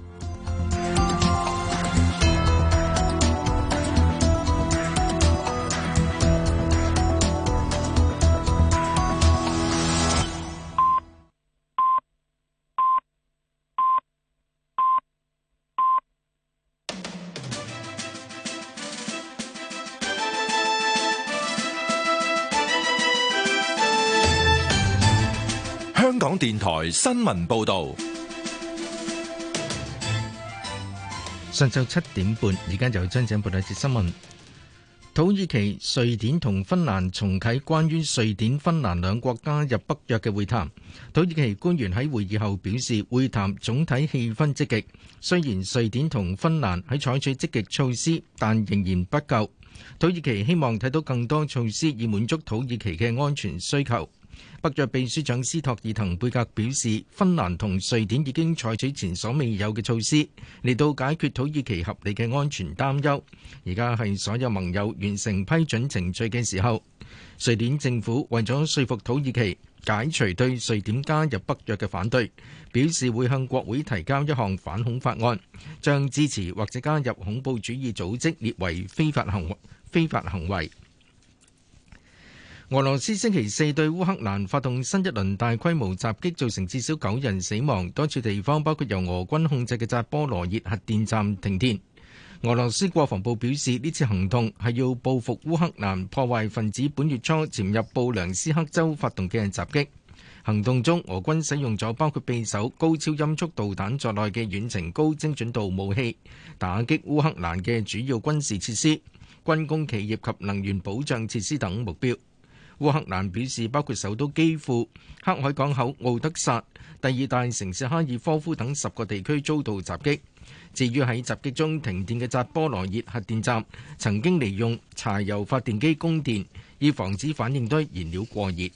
Speaker 1: 港電台新聞報道：
Speaker 2: 上晝七點半，而家有真正報道一節新聞。土耳其、瑞典同芬蘭重啟關於瑞典、芬蘭兩國加入北約嘅會談。土耳其官員喺會議後表示，會談總體氣氛積極，雖然瑞典同芬蘭喺採取積極措施，但仍然不夠。土耳其希望睇到更多措施以滿足土耳其嘅安全需求。北約秘書長斯托爾滕貝格表示，芬蘭同瑞典已經採取前所未有嘅措施嚟到解決土耳其合理嘅安全擔憂。而家係所有盟友完成批准程序嘅時候，瑞典政府為咗說服土耳其解除對瑞典加入北約嘅反對，表示會向國會提交一項反恐法案，將支持或者加入恐怖主義組織列為非法行為。非法行為。俄羅斯星期四對烏克蘭發動新一輪大規模襲擊，造成至少九人死亡，多處地方包括由俄軍控制嘅扎波羅熱核電站停電。俄羅斯國防部表示，呢次行動係要報復烏克蘭破壞分子本月初潛入布良斯克州發動嘅襲擊。行動中，俄軍使用咗包括匕首、高超音速導彈在內嘅遠程高精準度武器，打擊烏克蘭嘅主要軍事設施、軍工企業及能源保障設施等目標。烏克蘭表示，包括首都基輔、黑海港口敖德薩、第二大城市哈爾科夫等十個地區遭到襲擊。至於喺襲擊中停電嘅扎波羅熱核電站，曾經利用柴油發電機供電，以防止反應堆燃料過熱。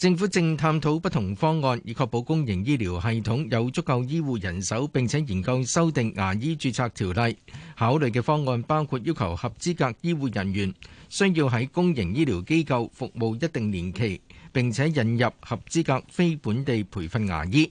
Speaker 2: 政府正探討不同方案，以確保公營醫療系統有足夠醫護人手，並且研究修訂牙醫註冊條例。考慮嘅方案包括要求合資格醫護人員需要喺公營醫療機構服務一定年期，並且引入合資格非本地培訓牙醫。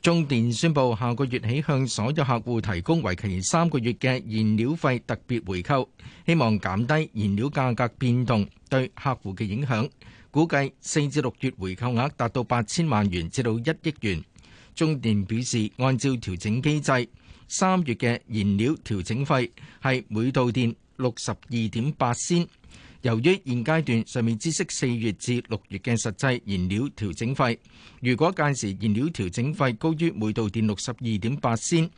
Speaker 2: 中電宣布下個月起向所有客戶提供為期三個月嘅燃料費特別回扣，希望減低燃料價格變動對客戶嘅影響。估計四至六月回扣額達到八千萬元至到一億元。中電表示，按照調整機制，三月嘅燃料調整費係每度電六十二點八仙。由於現階段上面知識四月至六月嘅實際燃料調整費，如果屆時燃料調整費高於每度電六十二點八仙，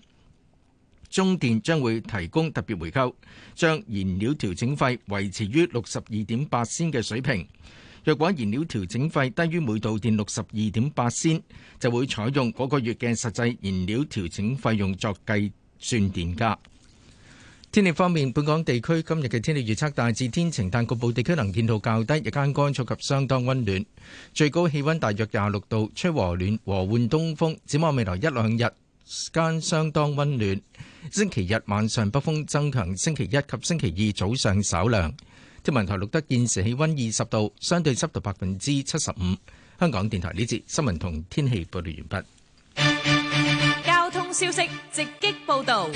Speaker 2: 中電將會提供特別回購，將燃料調整費維持於六十二點八仙嘅水平。若果燃料調整費低於每度電六十二點八仙，就會採用嗰個月嘅實際燃料調整費用作計算電價。天氣方面，本港地區今日嘅天氣預測大致天晴，但局部地區能見度較低。日間乾燥及相當溫暖，最高氣溫大約廿六度，吹和暖和緩東風。展望未來一兩日日間相當溫暖。星期日晚上北風增強，星期一及星期二早上稍涼。天文台錄得現時氣溫二十度，相對濕度百分之七十五。香港電台呢節新聞同天氣報道完畢。
Speaker 5: 交通消息直擊報道。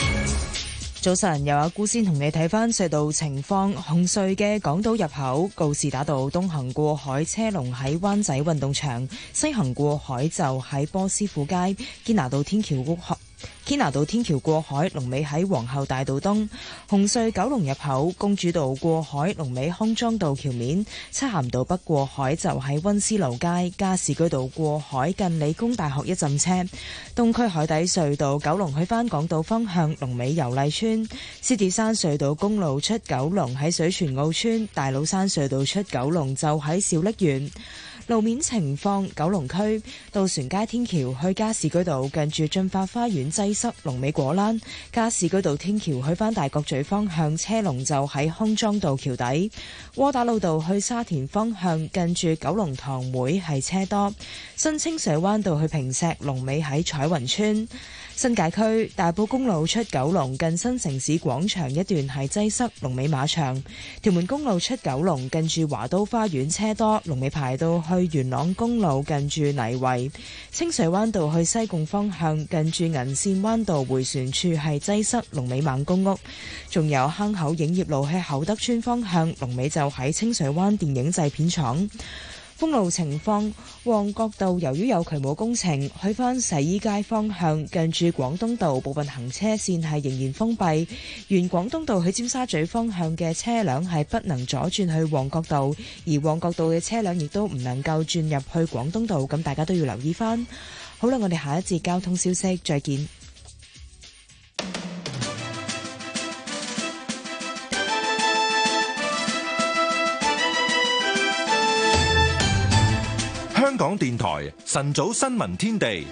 Speaker 11: 早晨，有阿姑先同你睇返隧道情況，紅隧嘅港島入口告士打道東行過海車龍喺灣仔運動場，西行過海就喺波斯富街堅拿道天橋屋。堅拿道天橋過海，龍尾喺皇后大道東；紅隧九龍入口，公主道過海，龍尾康莊道橋面；漆咸道北過海就喺溫思勞街；加士居道過海近理工大學一浸車；東區海底隧道九龍去返港島方向，龍尾油麗村；獅子山隧道公路出九龍喺水泉澳村；大老山隧道出九龍就喺小瀝源。路面情況：九龍區渡船街天橋去加士居道近住駿發花園擠塞，龍尾果欄；加士居道天橋去返大角咀方向車龍就喺康莊道橋底；窩打老道去沙田方向近住九龍塘會係車多；新清水灣道去平石龍尾喺彩雲村。新界區大埔公路出九龍近新城市廣場一段係擠塞，龍尾馬場；屯門公路出九龍近住華都花園車多，龍尾排到去元朗公路近住泥圍；清水灣道去西貢方向近住銀線灣道回旋處係擠塞，龍尾孟公屋；仲有坑口影業路喺厚德村方向，龍尾就喺清水灣電影製片廠。封路情況，旺角道由於有渠務工程，去返洗衣街方向近住廣東道部分行車線係仍然封閉，沿廣東道去尖沙咀方向嘅車輛係不能左轉去旺角道，而旺角道嘅車輛亦都唔能夠轉入去廣東道，咁大家都要留意返。好啦，我哋下一節交通消息，再見。
Speaker 1: 港電台晨早新聞天地，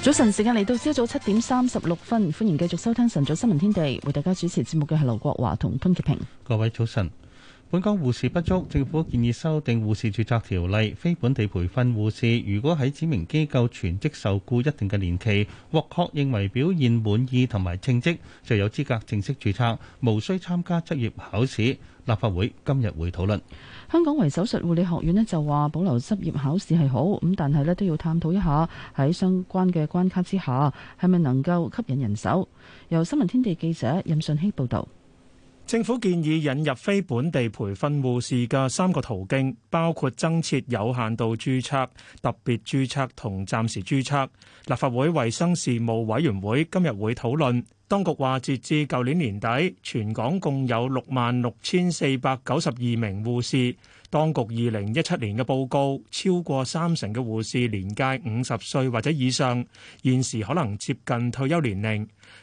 Speaker 3: 早晨時間嚟到，朝早七點三十六分，歡迎繼續收聽晨早新聞天地，為大家主持節目嘅係劉國華同潘潔平。
Speaker 4: 各位早晨，本港護士不足，政府建議修訂護士註冊條例，非本地培訓護士如果喺指明機構全職受僱一定嘅年期，獲確認為表現滿意同埋稱職，就有資格正式註冊，無需參加執業考試。立法會今日會討論。
Speaker 3: 香港維手術護理學院咧，就話保留執業考試係好，咁但係咧都要探討一下喺相關嘅關卡之下係咪能夠吸引人手。由新聞天地記者任順希報道。
Speaker 9: 政府建議引入非本地培訓護士嘅三個途徑，包括增設有限度註冊、特別註冊同暫時註冊。立法會衞生事務委員會今日會討論。當局話，截至舊年年底，全港共有六萬六千四百九十二名護士。當局二零一七年嘅報告，超過三成嘅護士年屆五十歲或者以上，現時可能接近退休年齡。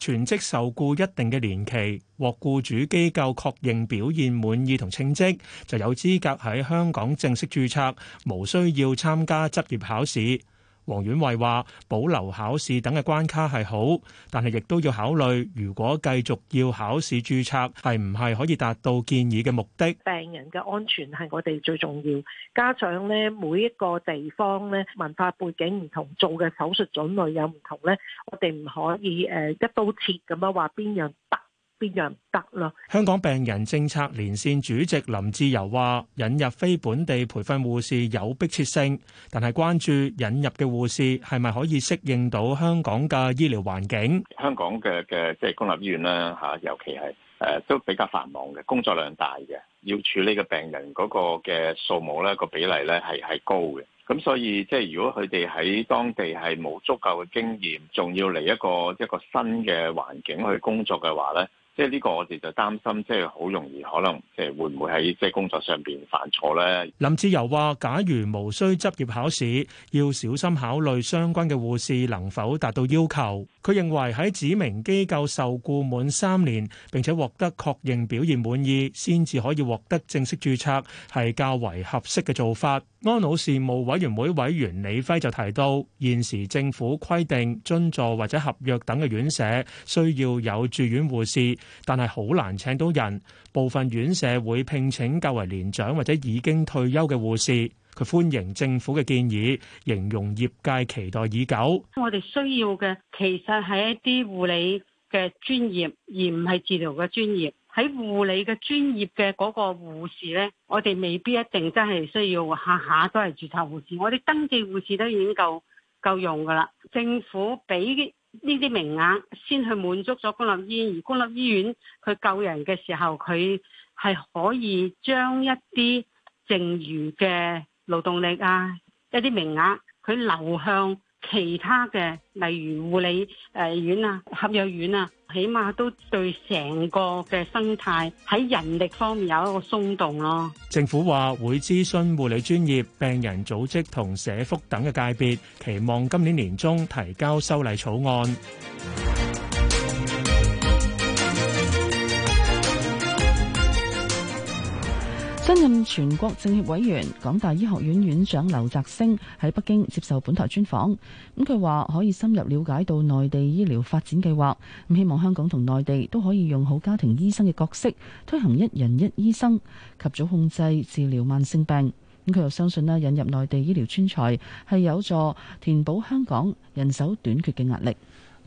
Speaker 9: 全職受雇一定嘅年期，獲雇主機構確認表現滿意同稱職，就有資格喺香港正式註冊，無需要參加執業考試。黃婉慧話：保留考試等嘅關卡係好，但係亦都要考慮，如果繼續要考試註冊，係唔係可以達到建議嘅目的？
Speaker 5: 病人嘅安全係我哋最重要。加上咧，每一個地方咧，文化背景唔同，做嘅手術種類有唔同咧，我哋唔可以誒一刀切咁樣話邊樣得。邊樣得
Speaker 9: 咯？香港病人政策連線主席林志由話，引入非本地培訓護士有迫切性，但係關注引入嘅護士係咪可以適應到香港嘅醫療環境？
Speaker 7: 香港嘅嘅即係公立醫院啦，吓，尤其係誒都比較繁忙嘅，工作量大嘅，要處理嘅病人嗰個嘅數目咧，個比例咧係係高嘅。咁所以即係如果佢哋喺當地係冇足夠嘅經驗，仲要嚟一個一個新嘅環境去工作嘅話咧。即係呢個我哋就擔心，即係好容易可能，即係會唔會喺即係工作上邊犯錯咧？
Speaker 9: 林志由話假如無需執業考試要小心考慮相關嘅護士能否達到要求。佢認為喺指明機構受僱滿三年，並且獲得確認表現滿意，先至可以獲得正式注冊，係較為合適嘅做法。安老事務委員會委員李輝就提到，現時政府規定津助或者合約等嘅院舍需要有住院護士，但係好難請到人。部分院舍會聘請較為年長或者已經退休嘅護士。佢歡迎政府嘅建議，形容業界期待已久。
Speaker 3: 我哋需要嘅其實係一啲護理嘅專業，而唔係治療嘅專業。喺護理嘅專業嘅嗰個護士呢，我哋未必一定真係需要下下都係註冊護士，我哋登記護士都已經夠夠用噶啦。政府俾呢啲名額先去滿足咗公立醫院，而公立醫院佢救人嘅時候，佢係可以將一啲剩餘嘅勞動力啊一啲名額，佢流向。其他嘅，例如護理誒院啊、合約院啊，起碼都對成個嘅生態喺人力方面有一個鬆動咯、
Speaker 12: 啊。
Speaker 9: 政府話會諮詢護理專業病人組織同社福等嘅界別，期望今年年中提交修例草案。
Speaker 3: 新任全國政協委員、港大醫學院院長劉澤星喺北京接受本台專訪，咁佢話可以深入了解到內地醫療發展計劃，咁希望香港同內地都可以用好家庭醫生嘅角色推行一人一醫生，及早控制治療慢性病。咁佢又相信咧，引入內地醫療專才係有助填補香港人手短缺嘅壓力。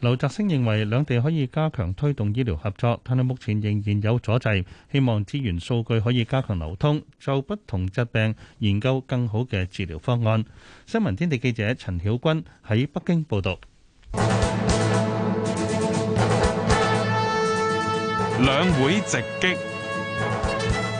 Speaker 4: 劉澤星認為兩地可以加強推動醫療合作，但係目前仍然有阻滯，希望資源數據可以加強流通，就不同疾病研究更好嘅治療方案。新聞天地記者陳曉君喺北京報道。兩會直擊。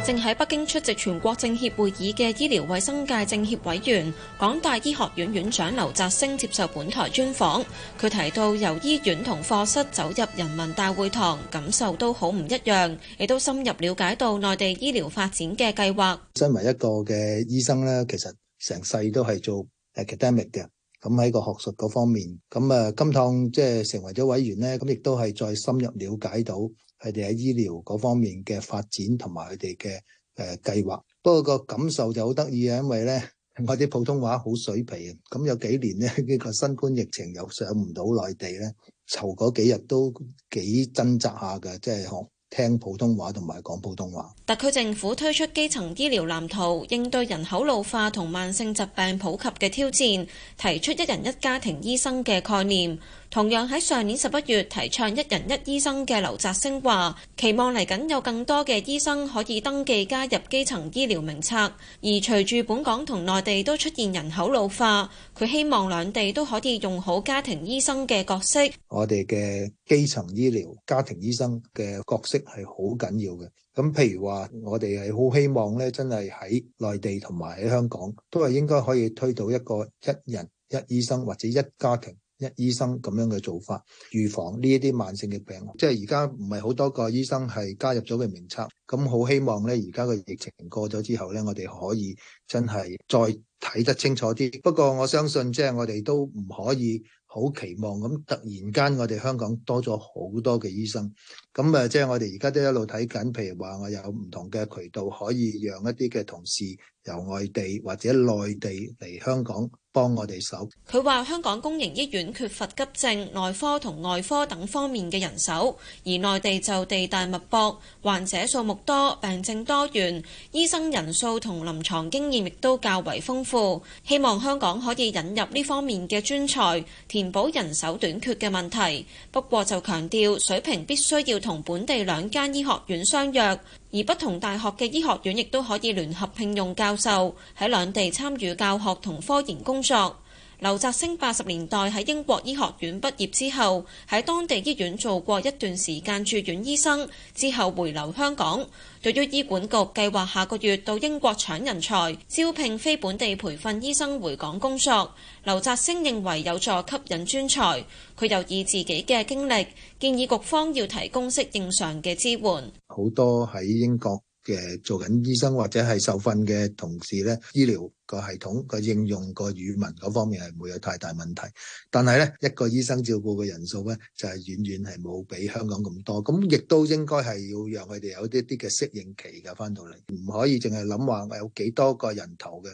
Speaker 16: 正喺北京出席全國政協會議嘅醫療衛生界政協委員、港大醫學院院長劉澤星接受本台專訪，佢提到由醫院同課室走入人民大會堂，感受都好唔一樣，亦都深入了解到內地醫療發展嘅計劃。
Speaker 17: 身為一個嘅醫生咧，其實成世都係做 academic 嘅，咁喺個學術嗰方面，咁啊今趟即係成為咗委員咧，咁亦都係再深入了解到。佢哋喺醫療嗰方面嘅發展同埋佢哋嘅誒計劃，不過個感受就好得意啊，因為咧我啲普通話好水皮啊，咁有幾年呢，呢個新冠疫情又上唔到內地咧，湊嗰幾日都幾掙扎下㗎，即係學聽普通話同埋講普通話。
Speaker 16: 特區政府推出基層醫療藍圖，應對人口老化同慢性疾病普及嘅挑戰，提出一人一家庭醫生嘅概念。同樣喺上年十一月提倡一人一醫生嘅劉澤星話，期望嚟緊有更多嘅醫生可以登記加入基層醫療名冊。而隨住本港同內地都出現人口老化，佢希望兩地都可以用好家庭醫生嘅角色。
Speaker 17: 我哋嘅基層醫療家庭醫生嘅角色係好緊要嘅。咁譬如話，我哋係好希望咧，真係喺內地同埋喺香港都係應該可以推到一個一人一醫生或者一家庭一醫生咁樣嘅做法，預防呢一啲慢性嘅病，即係而家唔係好多個醫生係加入咗嘅名冊，咁好希望呢而家嘅疫情過咗之後呢，我哋可以真係再睇得清楚啲。不過我相信，即係我哋都唔可以好期望咁突然間，我哋香港多咗好多嘅醫生。咁誒，即係我哋而家都一路睇緊，譬如話我有唔同嘅渠道，可以讓一啲嘅同事由外地或者內地嚟香港。幫我哋手。
Speaker 16: 佢話香港公營醫院缺乏急症、內科同外科等方面嘅人手，而內地就地大物博，患者數目多，病症多元，醫生人數同臨牀經驗亦都較為豐富。希望香港可以引入呢方面嘅專才，填補人手短缺嘅問題。不過就強調水平必須要同本地兩間醫學院相若，而不同大學嘅醫學院亦都可以聯合聘用教授喺兩地參與教學同科研工工作，劉澤星八十年代喺英國醫學院畢業之後，喺當地醫院做過一段時間住院醫生，之後回流香港。對於醫管局計劃下個月到英國搶人才，招聘非本地培訓醫生回港工作，劉澤星認為有助吸引專才。佢又以自己嘅經歷，建議局方要提供適應上嘅支援。
Speaker 17: 好多喺英國。嘅做緊醫生或者係受訓嘅同事呢，醫療個系統個應用個語文嗰方面係唔會有太大問題，但係呢一個醫生照顧嘅人數呢，就係遠遠係冇比香港咁多，咁亦都應該係要讓佢哋有啲啲嘅適應期嘅，翻到嚟，唔可以淨係諗話我有幾多個人頭嘅。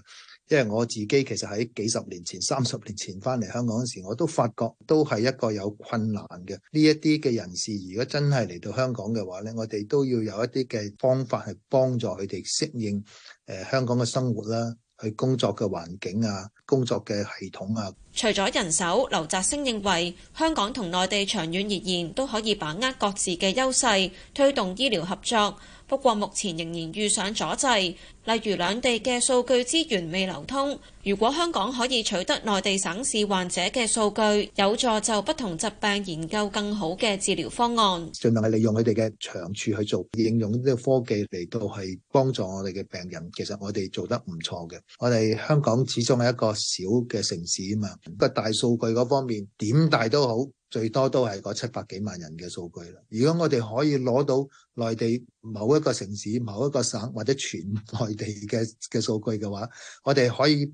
Speaker 17: 因為我自己其實喺幾十年前，三十年前翻嚟香港嗰時，我都發覺都係一個有困難嘅呢一啲嘅人士。如果真係嚟到香港嘅話咧，我哋都要有一啲嘅方法去幫助佢哋適應誒香港嘅生活啦，去工作嘅環境啊，工作嘅系統啊。
Speaker 16: 除咗人手，劉澤星認為香港同內地長遠而言都可以把握各自嘅優勢，推動醫療合作。不過目前仍然遇上阻滯，例如兩地嘅數據資源未流通。如果香港可以取得內地省市患者嘅數據，有助就不同疾病研究更好嘅治療方案。
Speaker 17: 盡量係利用佢哋嘅長處去做應用，呢個科技嚟到係幫助我哋嘅病人。其實我哋做得唔錯嘅。我哋香港始終係一個小嘅城市啊嘛，不過大數據嗰方面點大都好，最多都係嗰七百幾萬人嘅數據啦。如果我哋可以攞到內地某一個城市、某一個省或者全內地嘅嘅數據嘅話，我哋可以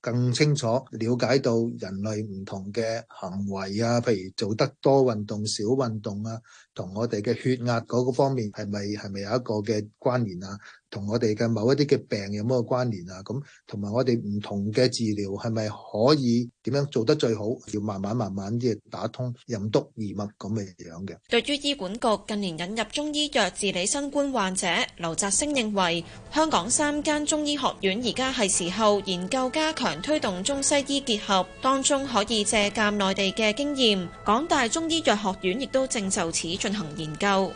Speaker 17: 更清楚了解到人類唔同嘅行為啊，譬如做得多運動、少運動啊，同我哋嘅血壓嗰個方面係咪係咪有一個嘅關聯啊？同我哋嘅某一啲嘅病有冇個關聯啊？咁同埋我哋唔同嘅治療係咪可以點樣做得最好？要慢慢慢慢即係打通任督二脈咁嘅樣嘅。對於醫管局近
Speaker 16: 年引入中醫藥，治理新冠患者，劉澤星認為香港三間中醫學院而家係時候研究加強推動中西醫結合，當中可以借鑒內地嘅經驗。港大中醫藥學院亦都正就此進行研究。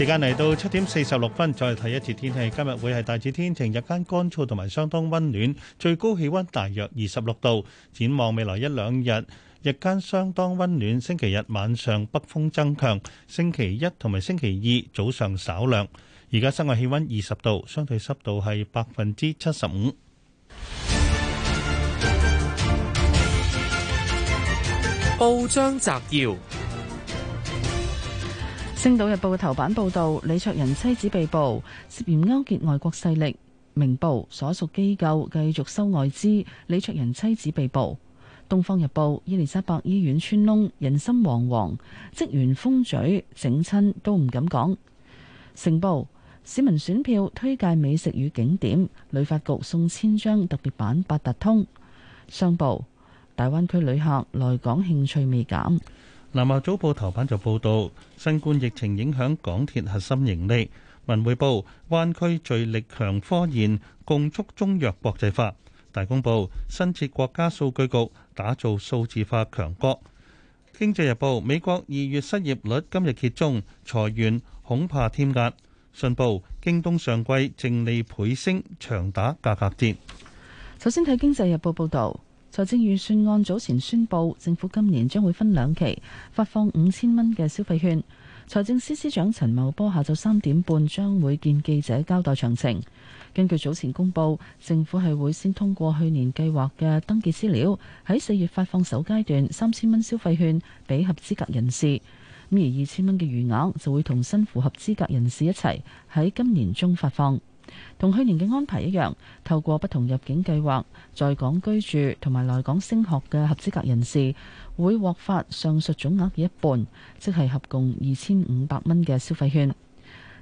Speaker 4: 時間嚟到七點四十六分，再睇一次天氣。今日會係大致天晴，日間乾燥同埋相當温暖，最高氣温大約二十六度。展望未來一兩日，日間相當温暖。星期日晚上北風增強，星期一同埋星期二早上稍涼。而家室外氣温二十度，相對濕度係百分之七十五。
Speaker 14: 報章摘要。
Speaker 3: 星島日報嘅頭版報道李卓人妻子被捕，涉嫌勾結外國勢力。明報所屬機構繼續收外資。李卓人妻子被捕。東方日報，伊利沙伯醫院穿窿，人心惶惶，職員封嘴，整親都唔敢講。成報市民選票推介美食與景點，旅發局送千張特別版八達通。商報大灣區旅客來港興趣未減。
Speaker 4: 南華早報頭版就報道，新冠疫情影響港鐵核心盈利。文匯報灣區聚力強科研，共促中藥國際化。大公報新設國家數據局，打造數字化強國。經濟日報美國二月失業率今日揭盅，裁員恐怕添壓。信報京東上季淨利倍升，長打價格戰。首先
Speaker 3: 睇經濟日報報道。財政預算案早前宣布，政府今年將會分兩期發放五千蚊嘅消費券。財政司司長陳茂波下晝三點半將會見記者交代詳情。根據早前公布，政府係會先通過去年計劃嘅登記資料，喺四月發放首階段三千蚊消費券俾合資格人士。咁而二千蚊嘅餘額就會同新符合資格人士一齊喺今年中發放。同去年嘅安排一樣，透過不同入境計劃，在港居住同埋來港升學嘅合資格人士，會獲發上述總額嘅一半，即係合共二千五百蚊嘅消費券。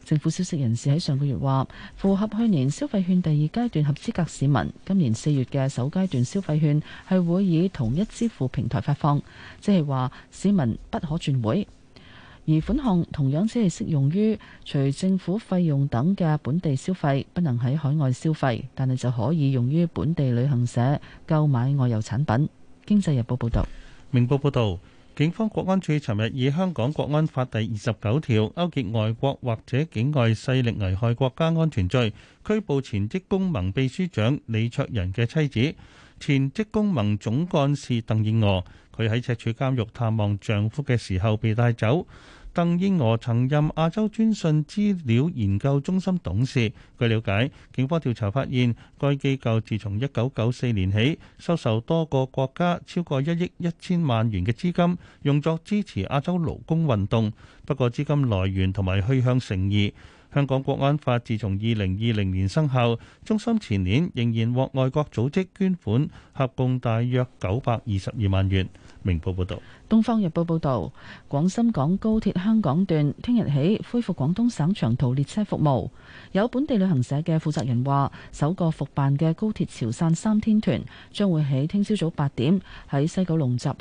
Speaker 3: 政府消息人士喺上個月話，符合去年消費券第二階段合資格市民，今年四月嘅首階段消費券係會以同一支付平台發放，即係話市民不可轉會。而款項同樣只係適用於除政府費用等嘅本地消費，不能喺海外消費，但係就可以用於本地旅行社購買外遊產品。經濟日報報導，
Speaker 4: 明報報導，警方國安處尋日以香港國安法第二十九條勾結外國或者境外勢力危害國家安全罪，拘捕前職工盟秘書長李卓人嘅妻子，前職工盟總幹事鄧燕娥。佢喺赤柱監獄探望丈夫嘅時候被帶走。鄧英娥曾任亞洲專訊資料研究中心董事。據了解，警方調查發現，該機構自從一九九四年起，收受多個國家超過一億一千萬元嘅資金，用作支持亞洲勞工運動。不過，資金來源同埋去向成疑。香港國安法自從二零二零年生效，中心前年仍然獲外國組織捐款，合共大約九百二十二萬元。明報報道，
Speaker 3: 東方日報報道，廣深港高鐵香港段聽日起恢復廣東省長途列車服務。有本地旅行社嘅負責人話，首個復辦嘅高鐵潮汕三天團將會喺聽朝早八點喺西九龍集合，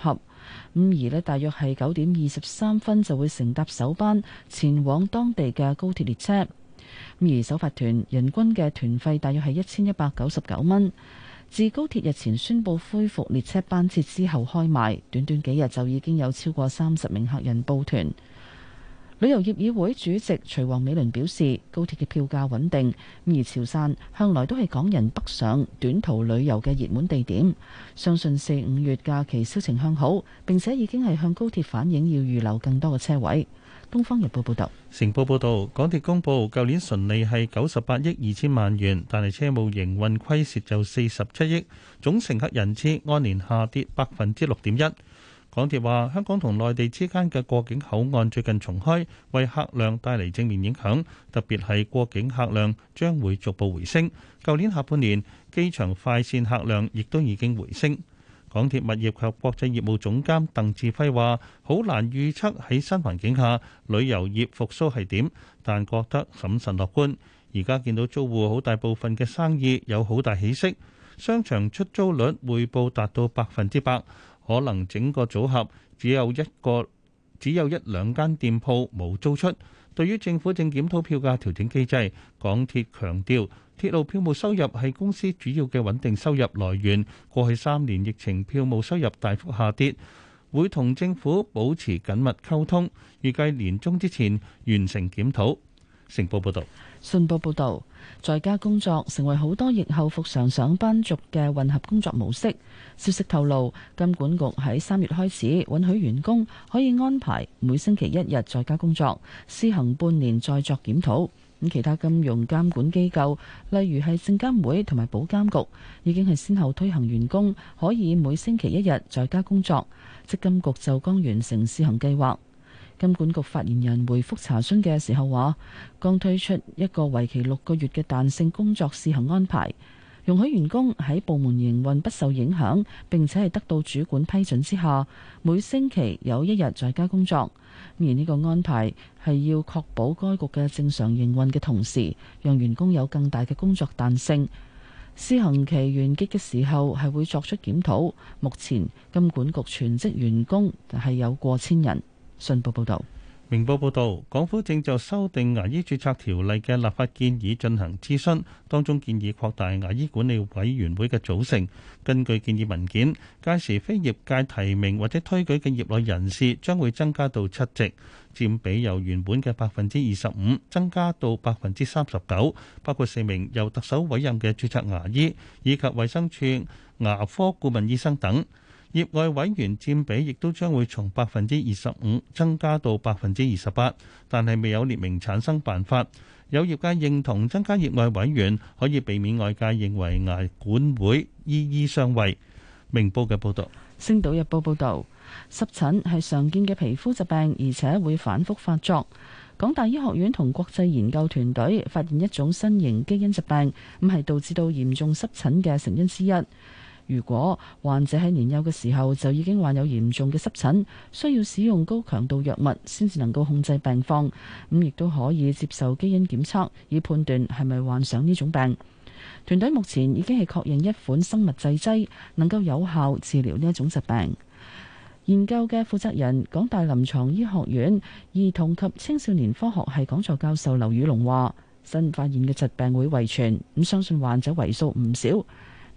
Speaker 3: 咁而呢大約係九點二十三分就會乘搭首班前往當地嘅高鐵列車。咁而首發團人均嘅團費大約係一千一百九十九蚊。自高鐵日前宣布恢復列車班次之後開賣，短短幾日就已經有超過三十名客人報團。旅遊業議會主席徐王美倫表示，高鐵嘅票價穩定，而潮汕向來都係港人北上短途旅遊嘅熱門地點，相信四五月假期銷情向好，並且已經係向高鐵反映要預留更多嘅車位。東方日報報道，
Speaker 4: 成報報道，港鐵公布，舊年純利係九十八億二千萬元，但係車務營運虧蝕就四十七億，總乘客人次按年下跌百分之六點一。港鐵話，香港同內地之間嘅過境口岸最近重開，為客量帶嚟正面影響，特別係過境客量將會逐步回升。舊年下半年，機場快線客量亦都已經回升。港鐵物業及國際業務總監鄧志輝話：好難預測喺新環境下旅遊業復甦係點，但覺得審慎樂觀。而家見到租戶好大部分嘅生意有好大起色，商場出租率匯報達到百分之百，可能整個組合只有一個只有一兩間店鋪冇租出。對於政府正檢討票價調整機制，港鐵強調，鐵路票務收入係公司主要嘅穩定收入來源。過去三年疫情票務收入大幅下跌，會同政府保持緊密溝通，預計年終之前完成檢討。成報報道，
Speaker 3: 信報報道：「在家工作成為好多疫後復常上，上班族嘅混合工作模式。消息透露，金管局喺三月開始允許員，員工可以安排每星期一日在家工作，施行半年再作檢討。咁其他金融監管機構，例如係證監會同埋保監局，已經係先後推行員工可以每星期一日在家工作。積金局就剛完成試行計劃，金管局發言人回覆查詢嘅時候話，剛推出一個為期六個月嘅彈性工作試行安排。容許員工喺部門營運不受影響，並且係得到主管批准之下，每星期有一日在家工作。而呢個安排係要確保該局嘅正常營運嘅同時，讓員工有更大嘅工作彈性。試行期完結嘅時候係會作出檢討。目前金管局全職員工係有過千人。信報報道。
Speaker 4: 明報報導，港府正就修訂牙醫註冊條例嘅立法建議進行諮詢，當中建議擴大牙醫管理委員會嘅組成。根據建議文件，屆時非業界提名或者推舉嘅業內人士將會增加到七席，佔比由原本嘅百分之二十五增加到百分之三十九，包括四名由特首委任嘅註冊牙醫以及衛生署牙科顧問醫生等。業外委員佔比亦都將會從百分之二十五增加到百分之二十八，但係未有列明產生辦法。有業界認同增加業外委員可以避免外界認為牙管會醫醫相衛。明報嘅報導。
Speaker 3: 星島日報報導，濕疹係常見嘅皮膚疾病，而且會反覆發作。港大醫學院同國際研究團隊發現一種新型基因疾病，咁係導致到嚴重濕疹嘅成因之一。如果患者喺年幼嘅時候就已經患有嚴重嘅濕疹，需要使用高強度藥物，先至能夠控制病況，咁亦都可以接受基因檢測，以判斷係咪患上呢種病。團隊目前已經係確認一款生物製劑能夠有效治療呢一種疾病。研究嘅負責人，港大臨床醫學院兒童及青少年科學系講座教授劉宇龍話：新發現嘅疾病會遺傳，咁相信患者為數唔少。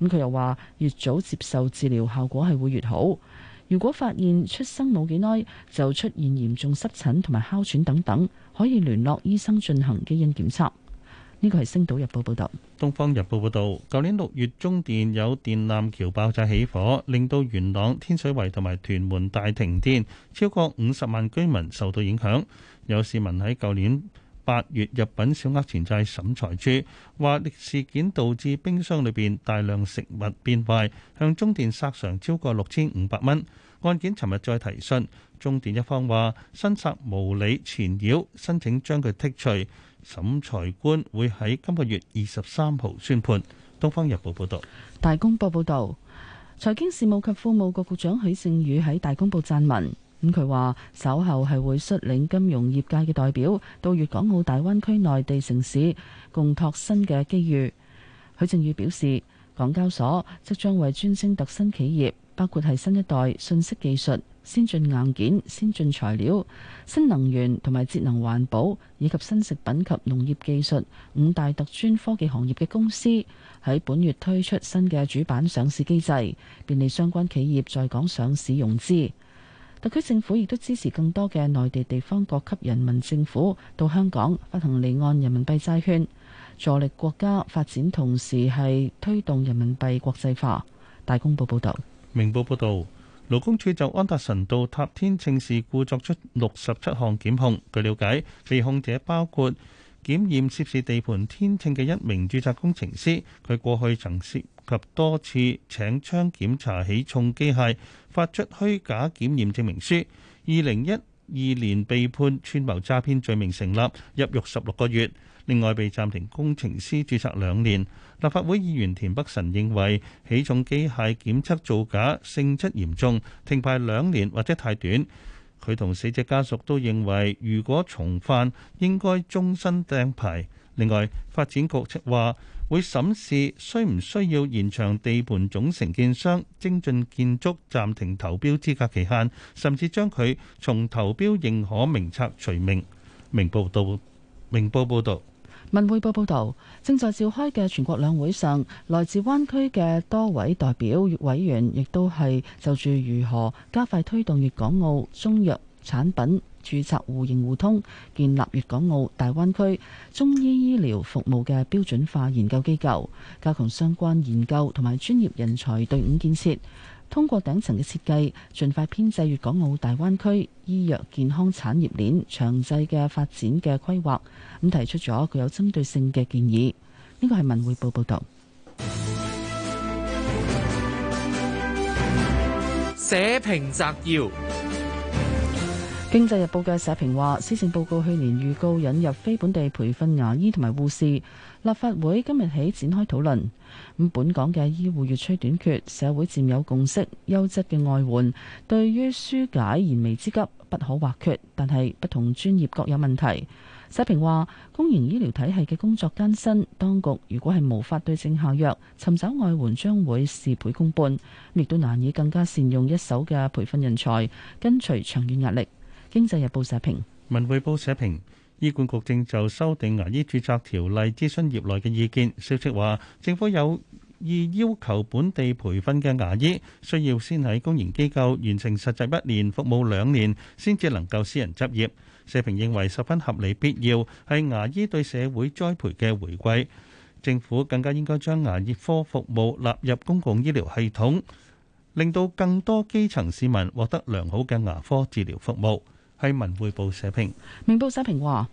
Speaker 3: 咁佢又話：越早接受治療，效果係會越好。如果發現出生冇幾耐就出現嚴重濕疹同埋哮喘等等，可以聯絡醫生進行基因檢測。呢個係《星島日報》報導，
Speaker 4: 《東方日報》報導，舊年六月中電有電纜橋爆炸起火，令到元朗天水圍同埋屯門大停電，超過五十萬居民受到影響。有市民喺舊年八月入稟小額錢債審裁處，話事件導致冰箱裏邊大量食物變壞，向中電索償超過六千五百蚊。案件尋日再提訊，中電一方話申索無理纏擾，申請將佢剔除。審裁官會喺今個月二十三號宣判。東方日報報道，
Speaker 3: 大公報報道，財經事務及庫務局局，局長許盛宇喺大公報撰文。咁佢話稍後，係會率領金融業界嘅代表到粵港澳大灣區內地城市共拓新嘅機遇。許正宇表示，港交所即將為專精特新企業，包括係新一代信息技術、先進硬件、先進材料、新能源同埋節能環保以及新食品及農業技術五大特專科技行業嘅公司，喺本月推出新嘅主板上市機制，便利相關企業在港上市融資。特區政府亦都支持更多嘅內地地方各級人民政府到香港發行離岸人民幣債券，助力國家發展，同時係推動人民幣國際化。大公報報道。
Speaker 4: 明報報道，勞工處就安達臣道塔天秤事故作出六十七項檢控。據了解，被控者包括檢驗涉事地盤天秤嘅一名註冊工程師，佢過去曾涉及多次請槍檢查起重機械，發出虛假檢驗證明書。二零一二年被判串謀詐騙罪名成立，入獄十六個月。另外被暫停工程師註冊兩年。立法會議員田北辰認為起重機械檢測造假性質嚴重，停牌兩年或者太短。佢同死者家屬都認為，如果重犯應該終身釘牌。另外，發展局話會審視需唔需要延長地盤總承建商精進建築暫停投標資格期限，甚至將佢從投標認可名冊除名，明報道。明報報道，
Speaker 3: 文匯報報道，正在召開嘅全國兩會上，來自灣區嘅多位代表、委員，亦都係就住如何加快推動粵港澳中藥產品註冊互認互通，建立粵港澳大灣區中醫醫療服務嘅標準化研究機構，加強相關研究同埋專業人才隊伍建設。通過頂層嘅設計，盡快編制粵港澳大灣區醫藥健康產業鏈詳細嘅發展嘅規劃。咁提出咗具有針對性嘅建議。呢個係文匯報報道。
Speaker 14: 社評摘要。
Speaker 3: 經濟日報嘅社評話：施政報告去年預告引入非本地培訓牙醫同埋護士，立法會今日起展開討論。咁本港嘅醫護越趨短缺，社會佔有共識，優質嘅外援對於紓解燃眉之急不可或缺。但係不同專業各有問題。社評話：公營醫療體系嘅工作艱辛，當局如果係無法對症下藥，尋找外援將會事倍功半，亦都難以更加善用一手嘅培訓人才，跟隨長遠壓力。《經濟日報》社評，
Speaker 4: 《文匯報》社評，醫管局正就修訂牙醫註冊條例諮詢業內嘅意見。消息話，政府有意要求本地培訓嘅牙醫需要先喺公營機構完成實習一年、服務兩年，先至能夠私人執業。社評認為十分合理必要，係牙醫對社會栽培嘅回饋。政府更加應該將牙醫科服務納入公共醫療系統，令到更多基層市民獲得良好嘅牙科治療服務。喺《文匯報》社評，
Speaker 3: 《明報》社評話，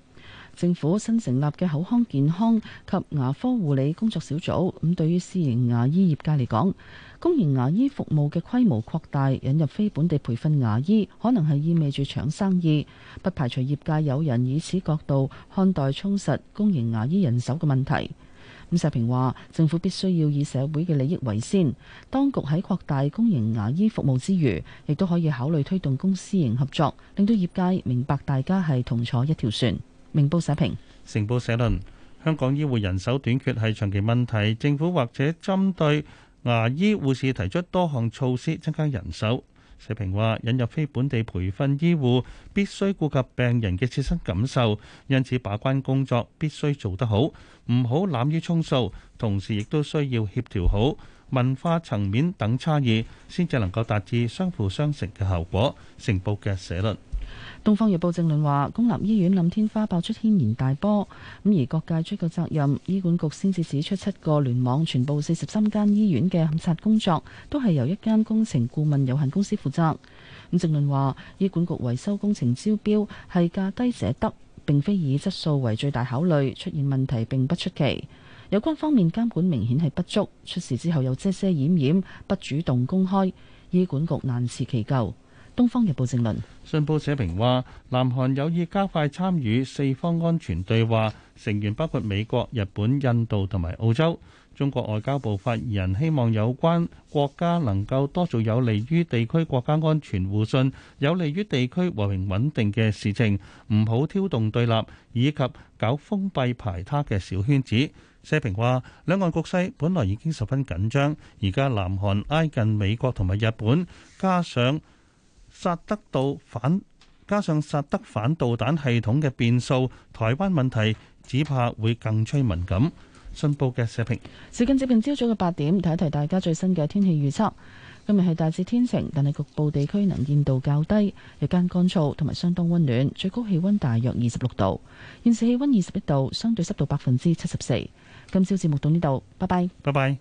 Speaker 3: 政府新成立嘅口腔健康及牙科護理工作小組，咁對於私營牙醫業界嚟講，公營牙醫服務嘅規模擴大，引入非本地培訓牙醫，可能係意味住搶生意，不排除業界有人以此角度看待充實公營牙醫人手嘅問題。咁社評話，政府必須要以社會嘅利益為先。當局喺擴大公營牙醫服務之餘，亦都可以考慮推動公私營合作，令到業界明白大家係同坐一條船。明報社評，
Speaker 4: 成報社論，香港醫護人手短缺係長期問題，政府或者針對牙醫護士提出多項措施增加人手。社評話：引入非本地培訓醫護，必須顧及病人嘅切身感受，因此把關工作必須做得好，唔好濫竽充數。同時亦都需要協調好文化層面等差異，先至能夠達至相輔相成嘅效果。成報嘅社論。
Speaker 3: 《東方日報》正論話，公立醫院冧天花爆出軒然大波，咁而各界追究責任，醫管局先至指出七個聯網全部四十三間醫院嘅勘察工作都係由一間工程顧問有限公司負責。咁正論話，醫管局維修工程招標係價低者得，並非以質素為最大考慮，出現問題並不出奇。有關方面監管明顯係不足，出事之後又遮遮掩掩，不主動公開，醫管局難辭其咎。《東方日報》評論，
Speaker 4: 信報社評話，南韓有意加快參與四方安全對話，成員包括美國、日本、印度同埋澳洲。中國外交部發言人希望有關國家能夠多做有利於地區國家安全互信、有利於地區和平穩定嘅事情，唔好挑動對立以及搞封閉排他嘅小圈子。社評話，兩岸局勢本來已經十分緊張，而家南韓挨近美國同埋日本，加上薩德導反，加上薩德反導彈系統嘅變數，台灣問題只怕會更趨敏感。信報嘅社評。
Speaker 3: 時間接近朝早嘅八點，睇一睇大家最新嘅天氣預測。今日係大致天晴，但係局部地區能見度較低，日間乾燥同埋相當温暖，最高氣温大約二十六度。現時氣温二十一度，相對濕度百分之七十四。今朝節目到呢度，拜拜，拜拜。